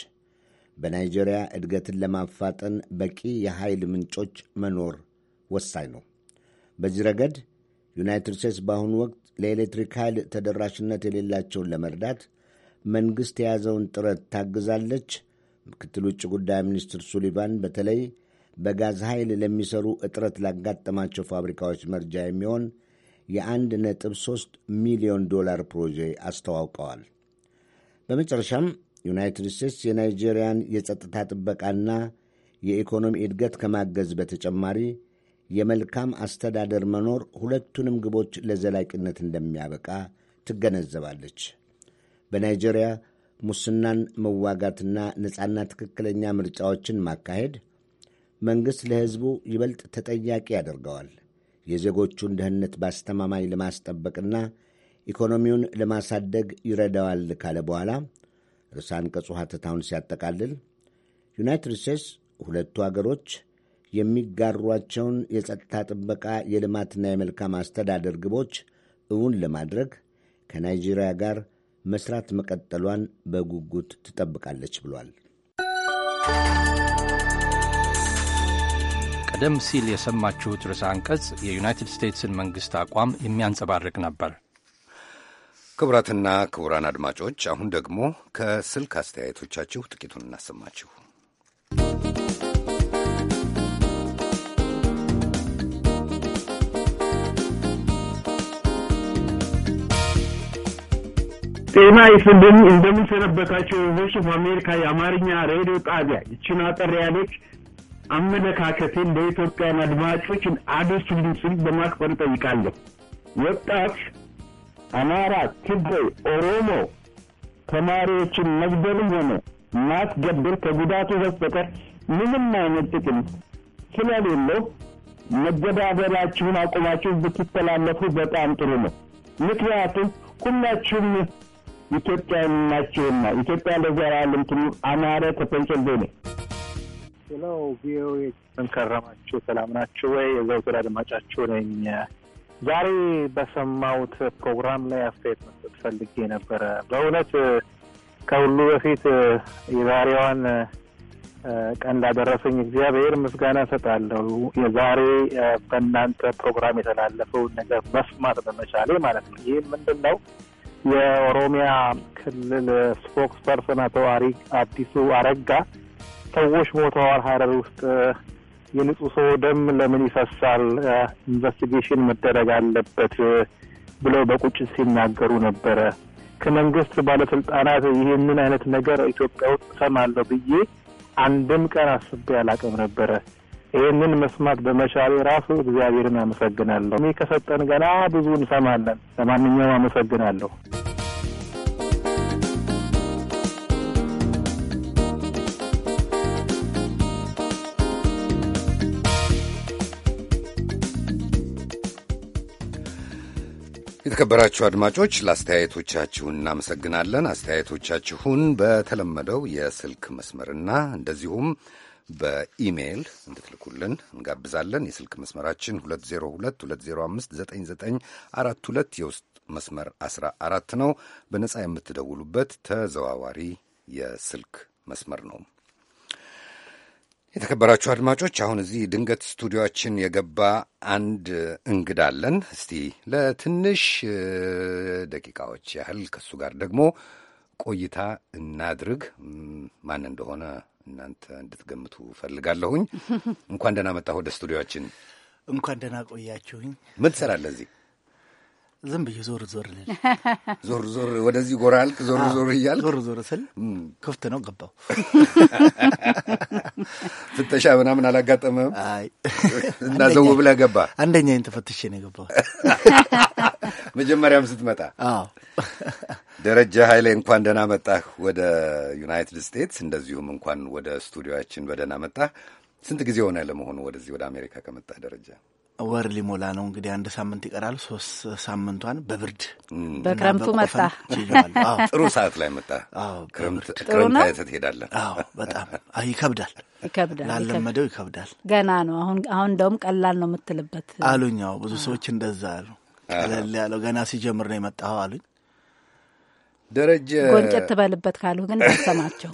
በናይጄሪያ እድገትን ለማፋጠን በቂ የኃይል ምንጮች መኖር ወሳኝ ነው። በዚህ ረገድ ዩናይትድ ስቴትስ በአሁኑ ወቅት ለኤሌክትሪክ ኃይል ተደራሽነት የሌላቸውን ለመርዳት መንግሥት የያዘውን ጥረት ታግዛለች። ምክትል ውጭ ጉዳይ ሚኒስትር ሱሊቫን በተለይ በጋዝ ኃይል ለሚሰሩ እጥረት ላጋጠማቸው ፋብሪካዎች መርጃ የሚሆን የአንድ ነጥብ ሦስት ሚሊዮን ዶላር ፕሮጄ አስተዋውቀዋል። በመጨረሻም ዩናይትድ ስቴትስ የናይጄሪያን የጸጥታ ጥበቃና የኢኮኖሚ እድገት ከማገዝ በተጨማሪ የመልካም አስተዳደር መኖር ሁለቱንም ግቦች ለዘላቂነት እንደሚያበቃ ትገነዘባለች። በናይጄሪያ ሙስናን መዋጋትና ነፃና ትክክለኛ ምርጫዎችን ማካሄድ መንግሥት ለሕዝቡ ይበልጥ ተጠያቂ ያደርገዋል። የዜጎቹን ደህንነት በአስተማማኝ ለማስጠበቅና ኢኮኖሚውን ለማሳደግ ይረዳዋል ካለ በኋላ ርዕሰ አንቀጹ ሐተታውን ሲያጠቃልል ዩናይትድ ስቴትስ ሁለቱ አገሮች የሚጋሯቸውን የጸጥታ ጥበቃ፣ የልማትና የመልካም አስተዳደር ግቦች እውን ለማድረግ ከናይጄሪያ ጋር መስራት መቀጠሏን በጉጉት ትጠብቃለች ብሏል። ቀደም ሲል የሰማችሁት ርዕሰ አንቀጽ የዩናይትድ ስቴትስን መንግሥት አቋም የሚያንጸባርቅ ነበር። ክቡራትና ክቡራን አድማጮች አሁን ደግሞ ከስልክ አስተያየቶቻችሁ ጥቂቱን እናሰማችሁ። ጤና ይስጥልኝ እንደምን ቮይስ ኦፍ አሜሪካ የአማርኛ ሬዲዮ ጣቢያ ይችን አጠር ያለች አመለካከቴን ለኢትዮጵያን አድማጮች አደሱ ስል በማክበር ጠይቃለሁ ወጣት አማራ ትግራይ ኦሮሞ ተማሪዎችን መግደልም ሆነ ማስገደል ከጉዳቱ በስተቀር ምንም አይነት ጥቅም ስለሌለው መገዳደላችሁን አቁማችሁ ብትተላለፉ በጣም ጥሩ ነው ምክንያቱም ሁላችሁም ኢትዮጵያ ናቸውና ኢትዮጵያ ለዚያ ያለምትኑ አማረ ተፈንጨልኔ ሌላው ቪኦኤ ከረማችሁ ሰላም ናችሁ ወይ? የዘውትር አድማጫችሁ ነኝ። ዛሬ በሰማሁት ፕሮግራም ላይ አስተያየት መስጠት ፈልጌ ነበረ። በእውነት ከሁሉ በፊት የዛሬዋን ቀን ላደረሰኝ እግዚአብሔር ምስጋና እሰጣለሁ። የዛሬ በእናንተ ፕሮግራም የተላለፈውን ነገር መስማት በመቻሌ ማለት ነው። ይህ ምንድን ነው የኦሮሚያ ክልል ስፖክስ ፐርሰን አቶ አዲሱ አረጋ ሰዎች ሞተዋል፣ ሀረር ውስጥ የንጹህ ሰው ደም ለምን ይፈሳል? ኢንቨስቲጌሽን መደረግ አለበት ብለው በቁጭት ሲናገሩ ነበረ። ከመንግስት ባለስልጣናት ይህንን አይነት ነገር ኢትዮጵያ ውስጥ ሰማለሁ ብዬ አንድም ቀን አስቤ አላቅም ነበረ። ይህንን መስማት በመቻሌ ራሱ እግዚአብሔርን አመሰግናለሁ። እኔ ከሰጠን ገና ብዙ እንሰማለን። ለማንኛውም አመሰግናለሁ። የተከበራችሁ አድማጮች ለአስተያየቶቻችሁን እናመሰግናለን። አስተያየቶቻችሁን በተለመደው የስልክ መስመርና እንደዚሁም በኢሜይል እንድትልኩልን እንጋብዛለን። የስልክ መስመራችን 202 የውስጥ መስመር 14 ነው። በነጻ የምትደውሉበት ተዘዋዋሪ የስልክ መስመር ነው። የተከበራችሁ አድማጮች አሁን እዚህ ድንገት ስቱዲዮችን የገባ አንድ እንግዳ አለን። እስቲ ለትንሽ ደቂቃዎች ያህል ከእሱ ጋር ደግሞ ቆይታ እናድርግ። ማን እንደሆነ እናንተ እንድትገምቱ ፈልጋለሁኝ። እንኳን ደህና መጣህ ወደ ስቱዲዮችን። እንኳን ደህና ቆያችሁኝ። ምን ትሰራለህ እዚህ? ዝም ብዬ ዞር ዞር ልል ዞር ዞር ወደዚህ ጎራ አልክ ዞር ዞር እያል ዞር ዞር ስል ክፍት ነው ገባው። ፍተሻ ምናምን አላጋጠመም እና ዘው ብለህ ገባ። አንደኛዬን ተፈትሼ ነው የገባው። መጀመሪያም ስትመጣ ደረጀ ኃይሌ እንኳን ደህና መጣህ ወደ ዩናይትድ ስቴትስ፣ እንደዚሁም እንኳን ወደ ስቱዲዮችን በደህና መጣህ። ስንት ጊዜ ሆነ ለመሆኑ ወደዚህ ወደ አሜሪካ ከመጣህ ደረጃ ወር ሊሞላ ነው እንግዲህ አንድ ሳምንት ይቀራል። ሶስት ሳምንቷን በብርድ በክረምቱ መጣ። ጥሩ ሰዓት ላይ መጣ። ክረምት ትሄዳለን። በጣም ይከብዳል፣ ይከብዳል፣ ላለመደው ይከብዳል። ገና ነው። አሁን አሁን እንደውም ቀላል ነው የምትልበት አሉኝ። ብዙ ሰዎች እንደዛ አሉ። ቀለል ያለው ገና ሲጀምር ነው የመጣኸው አሉኝ። ደረጀ ጎንጨት ትበልበት ካሉ ግን ሰማቸው።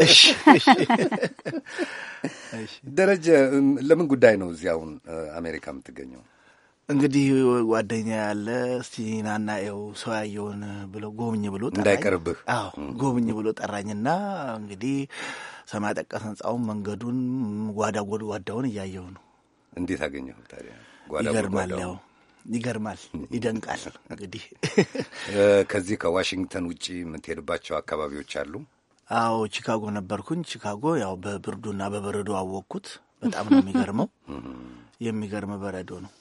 ደረጀ ለምን ጉዳይ ነው እዚያውን አሜሪካ የምትገኘው? እንግዲህ ጓደኛ ያለ እስቲ ናና ው ሰው ያየውን ብሎ ጎብኝ ብሎ እንዳይቀርብህ፣ አዎ ጎብኝ ብሎ ጠራኝና እንግዲህ ሰማይ ጠቀስ ህንፃውን፣ መንገዱን፣ ጓዳ ጎድጓዳውን እያየው ነው። እንዴት አገኘሁ ታዲያ? ይገርማል ያው ይገርማል፣ ይደንቃል። እንግዲህ ከዚህ ከዋሽንግተን ውጭ የምትሄድባቸው አካባቢዎች አሉ? አዎ ቺካጎ ነበርኩኝ። ቺካጎ ያው በብርዱና በበረዶ አወቅኩት። በጣም ነው የሚገርመው። የሚገርም በረዶ ነው።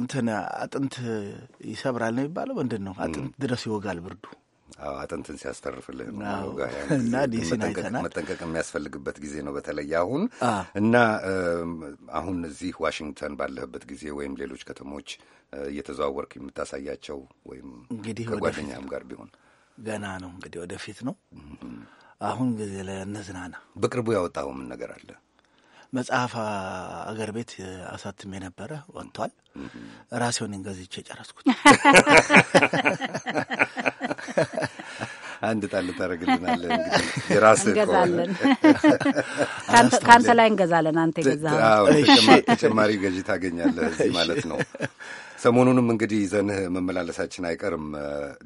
እንትን አጥንት ይሰብራል ነው የሚባለው። ምንድን ነው አጥንት ድረስ ይወጋል ብርዱ አጥንትን ሲያስተርፍልህ እና ዲሲን አይተናል። መጠንቀቅ የሚያስፈልግበት ጊዜ ነው፣ በተለይ አሁን እና አሁን እዚህ ዋሽንግተን ባለህበት ጊዜ ወይም ሌሎች ከተሞች እየተዘዋወርክ የምታሳያቸው ወይም ከጓደኛም ጋር ቢሆን ገና ነው እንግዲህ ወደፊት ነው። አሁን ጊዜ ለእነዝናና በቅርቡ ያወጣው ምን ነገር አለ? መጽሐፍ አገር ቤት አሳትሜ ነበረ፣ ወጥቷል። ራሴውን ገዝቼ ጨረስኩት። አንድ ጣል ታደርግልናለህ። ራስ እንገዛለን፣ ከአንተ ላይ እንገዛለን። አንተ የገዛኸው ተጨማሪ ገዢ ታገኛለህ እዚህ ማለት ነው። ሰሞኑንም እንግዲህ ይዘንህ መመላለሳችን አይቀርም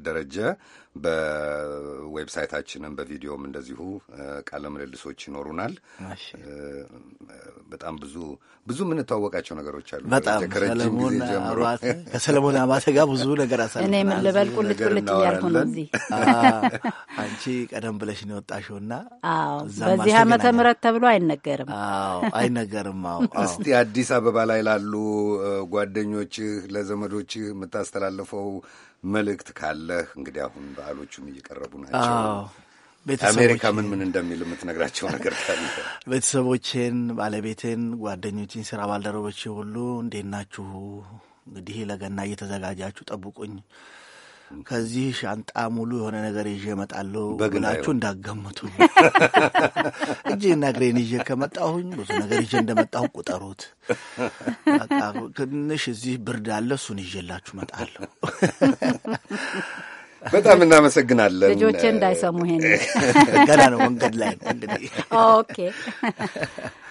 ደረጀ በዌብሳይታችንም በቪዲዮም እንደዚሁ ቃለ ምልልሶች ይኖሩናል። በጣም ብዙ ብዙ የምንተዋወቃቸው ነገሮች አሉ። በጣም ከሰለሞን አባተ ጋር ብዙ ነገር አሳ እኔ ምን ልበል ቁልጭ ቁልጭ እያልኩ ነው። እዚህ አንቺ ቀደም ብለሽ ነው የወጣሽውና በዚህ ዓመተ ምሕረት ተብሎ አይነገርም አይነገርም። እስቲ አዲስ አበባ ላይ ላሉ ጓደኞችህ ለዘመዶችህ የምታስተላልፈው መልእክት ካለህ እንግዲህ አሁን በዓሎቹም እየቀረቡ ናቸው። አሜሪካ ምን ምን እንደሚል የምትነግራቸው ነገር ካለ ቤተሰቦቼን፣ ባለቤቴን፣ ጓደኞችን፣ ስራ ባልደረቦች ሁሉ እንዴት ናችሁ? እንግዲህ ለገና እየተዘጋጃችሁ ጠብቁኝ ከዚህ ሻንጣ ሙሉ የሆነ ነገር ይዤ እመጣለሁ ብላችሁ እንዳገምቱ። እጅና እግሬን ይዤ ከመጣሁኝ ብዙ ነገር ይዤ እንደመጣሁ ቁጠሩት። ትንሽ እዚህ ብርድ አለ፣ እሱን ይዤላችሁ እመጣለሁ። በጣም እናመሰግናለን። ልጆቼ እንዳይሰሙ ይሄን ገና ነው መንገድ ላይ ኦኬ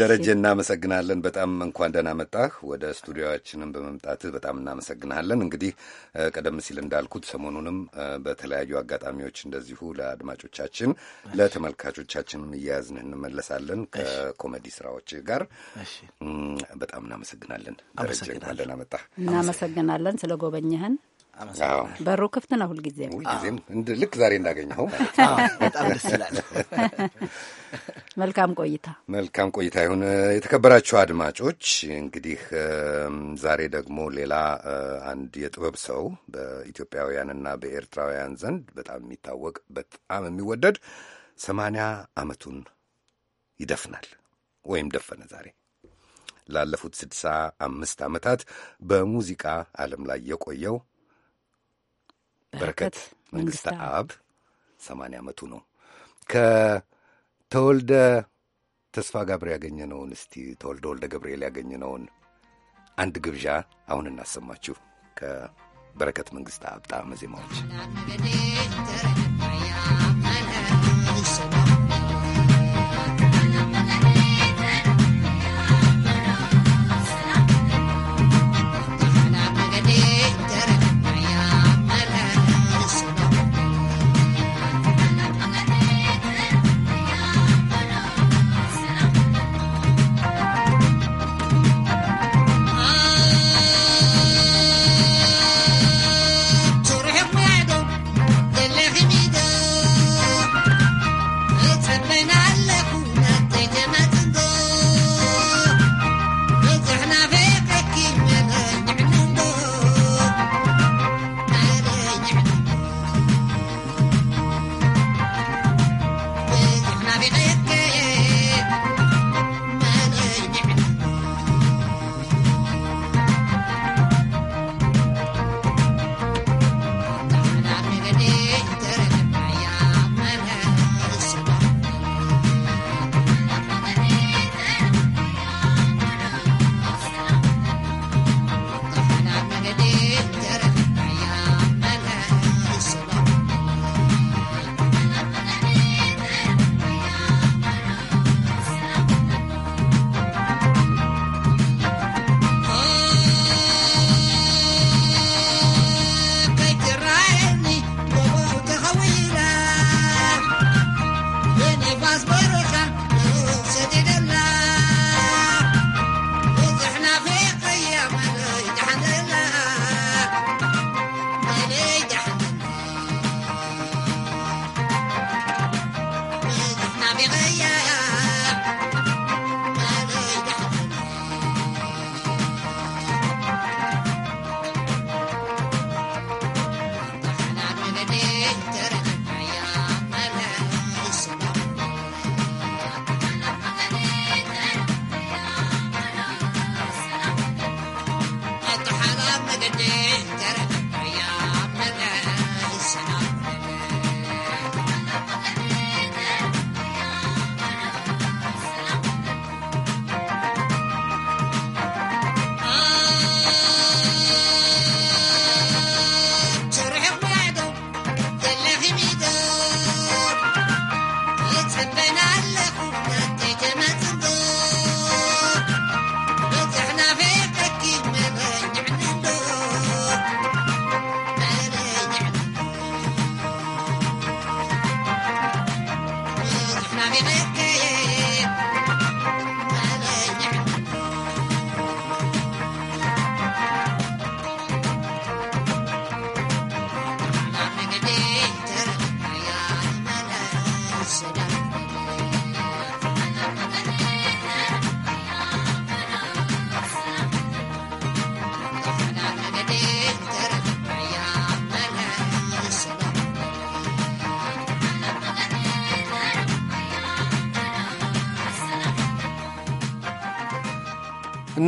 ደረጀ እናመሰግናለን። በጣም እንኳን ደህና መጣህ። ወደ ስቱዲዮችንም በመምጣትህ በጣም እናመሰግናለን። እንግዲህ ቀደም ሲል እንዳልኩት ሰሞኑንም በተለያዩ አጋጣሚዎች እንደዚሁ ለአድማጮቻችን ለተመልካቾቻችንም እያያዝን እንመለሳለን ከኮሜዲ ስራዎች ጋር። በጣም እናመሰግናለን ደረጀ፣ እንኳን ደህና መጣህ። እናመሰግናለን ስለ ጎበኘህን። በሩ ክፍት ነው ሁልጊዜም ሁልጊዜም ልክ ዛሬ እንዳገኘው በጣም ደስ ይላል። መልካም ቆይታ መልካም ቆይታ ይሁን። የተከበራችሁ አድማጮች እንግዲህ ዛሬ ደግሞ ሌላ አንድ የጥበብ ሰው በኢትዮጵያውያንና በኤርትራውያን ዘንድ በጣም የሚታወቅ በጣም የሚወደድ ሰማንያ ዓመቱን ይደፍናል ወይም ደፈነ ዛሬ ላለፉት ስድሳ አምስት ዓመታት በሙዚቃ ዓለም ላይ የቆየው በረከት መንግስተ አብ ሰማንያ ዓመቱ ነው። ከተወልደ ተስፋ ጋብር ያገኘነውን እስቲ ተወልደ ወልደ ገብርኤል ያገኘነውን አንድ ግብዣ አሁን እናሰማችሁ ከበረከት መንግስተ አብ ጣዕመ ዜማዎች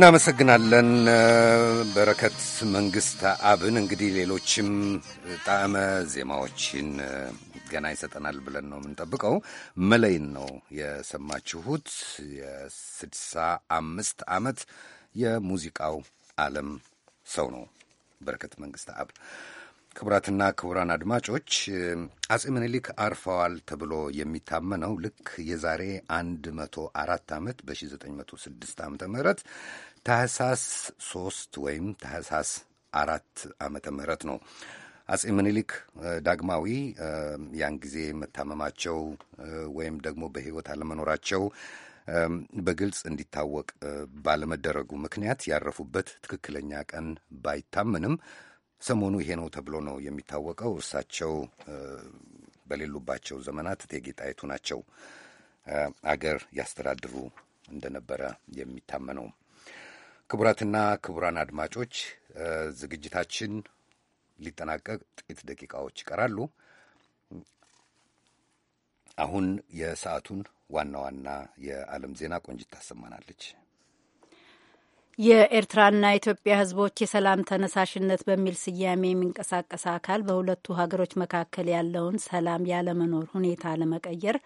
እናመሰግናለን በረከት መንግስት አብን። እንግዲህ ሌሎችም ጣዕመ ዜማዎችን ገና ይሰጠናል ብለን ነው የምንጠብቀው። መለይን ነው የሰማችሁት። የስድሳ አምስት ዓመት የሙዚቃው ዓለም ሰው ነው በረከት መንግስት አብ። ክቡራትና ክቡራን አድማጮች አጼ ምኒልክ አርፈዋል ተብሎ የሚታመነው ልክ የዛሬ 104 ዓመት በ1906 ዓ ም ታህሳስ ሶስት ወይም ታህሳስ አራት ዓመተ ምህረት ነው። አጼ ምኒልክ ዳግማዊ ያን ጊዜ መታመማቸው ወይም ደግሞ በሕይወት አለመኖራቸው በግልጽ እንዲታወቅ ባለመደረጉ ምክንያት ያረፉበት ትክክለኛ ቀን ባይታመንም ሰሞኑ ይሄ ነው ተብሎ ነው የሚታወቀው። እርሳቸው በሌሉባቸው ዘመናት እቴጌ ጣይቱ ናቸው አገር ያስተዳድሩ እንደነበረ የሚታመነው። ክቡራትና ክቡራን አድማጮች ዝግጅታችን ሊጠናቀቅ ጥቂት ደቂቃዎች ይቀራሉ። አሁን የሰዓቱን ዋና ዋና የዓለም ዜና ቆንጅት ታሰማናለች። የኤርትራና ኢትዮጵያ ህዝቦች የሰላም ተነሳሽነት በሚል ስያሜ የሚንቀሳቀስ አካል በሁለቱ ሀገሮች መካከል ያለውን ሰላም ያለመኖር ሁኔታ ለመቀየር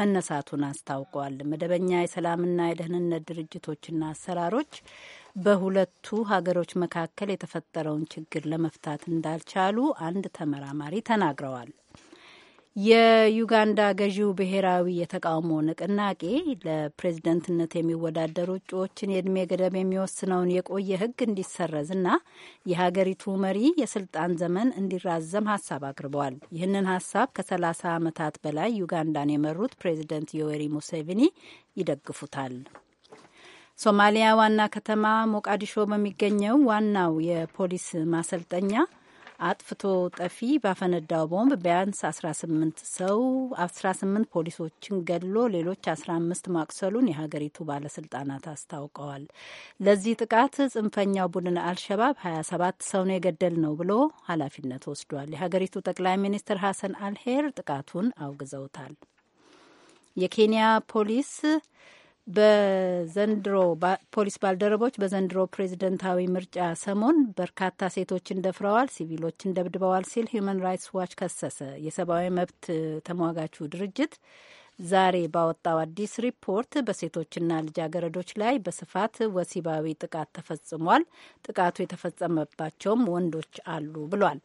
መነሳቱን አስታውቋል። መደበኛ የሰላምና የደህንነት ድርጅቶችና አሰራሮች በሁለቱ ሀገሮች መካከል የተፈጠረውን ችግር ለመፍታት እንዳልቻሉ አንድ ተመራማሪ ተናግረዋል። የዩጋንዳ ገዢው ብሔራዊ የተቃውሞ ንቅናቄ ለፕሬዝደንትነት የሚወዳደሩ እጩዎችን የእድሜ ገደብ የሚወስነውን የቆየ ሕግ እንዲሰረዝና የሀገሪቱ መሪ የስልጣን ዘመን እንዲራዘም ሀሳብ አቅርበዋል። ይህንን ሀሳብ ከሰላሳ ዓመታት በላይ ዩጋንዳን የመሩት ፕሬዝደንት ዮዌሪ ሙሴቪኒ ይደግፉታል። ሶማሊያ ዋና ከተማ ሞቃዲሾ በሚገኘው ዋናው የፖሊስ ማሰልጠኛ አጥፍቶ ጠፊ ባፈነዳው ቦምብ ቢያንስ 18 ሰው 18 ፖሊሶችን ገድሎ ሌሎች 15 ማቁሰሉን የሀገሪቱ ባለስልጣናት አስታውቀዋል። ለዚህ ጥቃት ጽንፈኛው ቡድን አልሸባብ 27 ሰው ነው የገደል ነው ብሎ ኃላፊነት ወስዷል። የሀገሪቱ ጠቅላይ ሚኒስትር ሀሰን አልሄር ጥቃቱን አውግዘውታል። የኬንያ ፖሊስ በዘንድሮ ፖሊስ ባልደረቦች በዘንድሮ ፕሬዚደንታዊ ምርጫ ሰሞን በርካታ ሴቶችን ደፍረዋል፣ ሲቪሎችን ደብድበዋል ሲል ሂዩማን ራይትስ ዋች ከሰሰ። የሰብአዊ መብት ተሟጋቹ ድርጅት ዛሬ ባወጣው አዲስ ሪፖርት በሴቶችና ልጃገረዶች ላይ በስፋት ወሲባዊ ጥቃት ተፈጽሟል፣ ጥቃቱ የተፈጸመባቸውም ወንዶች አሉ ብሏል።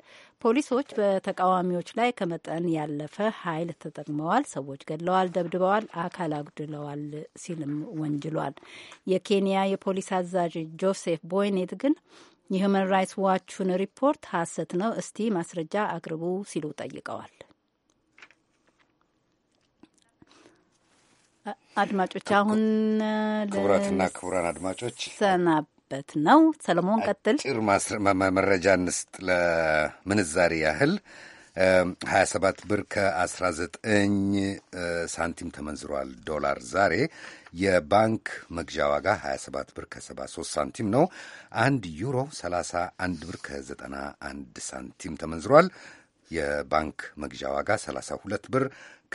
ፖሊሶች በተቃዋሚዎች ላይ ከመጠን ያለፈ ኃይል ተጠቅመዋል፣ ሰዎች ገድለዋል፣ ደብድበዋል፣ አካል አጉድለዋል ሲልም ወንጅሏል። የኬንያ የፖሊስ አዛዥ ጆሴፍ ቦይኔት ግን የሁማን ራይትስ ዋቹን ሪፖርት ሐሰት ነው፣ እስቲ ማስረጃ አቅርቡ ሲሉ ጠይቀዋል። አድማጮች አሁን ክቡራትና ክቡራን አድማጮች ሰናበት ነው። ሰለሞን ቀጥል። ጭር መረጃ እንስጥ። ለምንዛሬ ያህል 27 ብር ከ19 ሳንቲም ተመንዝሯል። ዶላር ዛሬ የባንክ መግዣ ዋጋ 27 ብር ከ73 ሳንቲም ነው። አንድ ዩሮ 31 ብር ከ91 ሳንቲም ተመንዝሯል። የባንክ መግዣ ዋጋ 32 ብር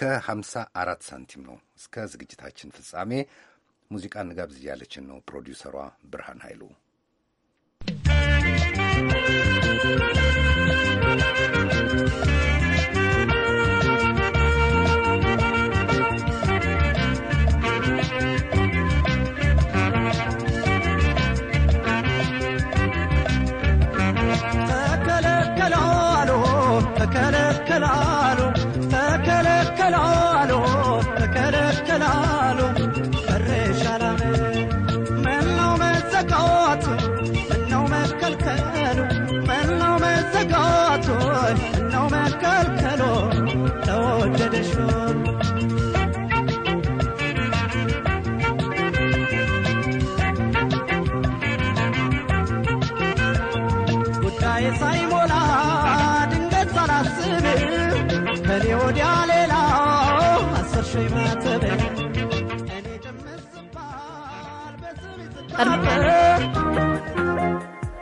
ከ54 ሳንቲም ነው። እስከ ዝግጅታችን ፍጻሜ ሙዚቃ እንጋብዝ እያለችን ነው ፕሮዲውሰሯ ብርሃን ኃይሉ። Armenia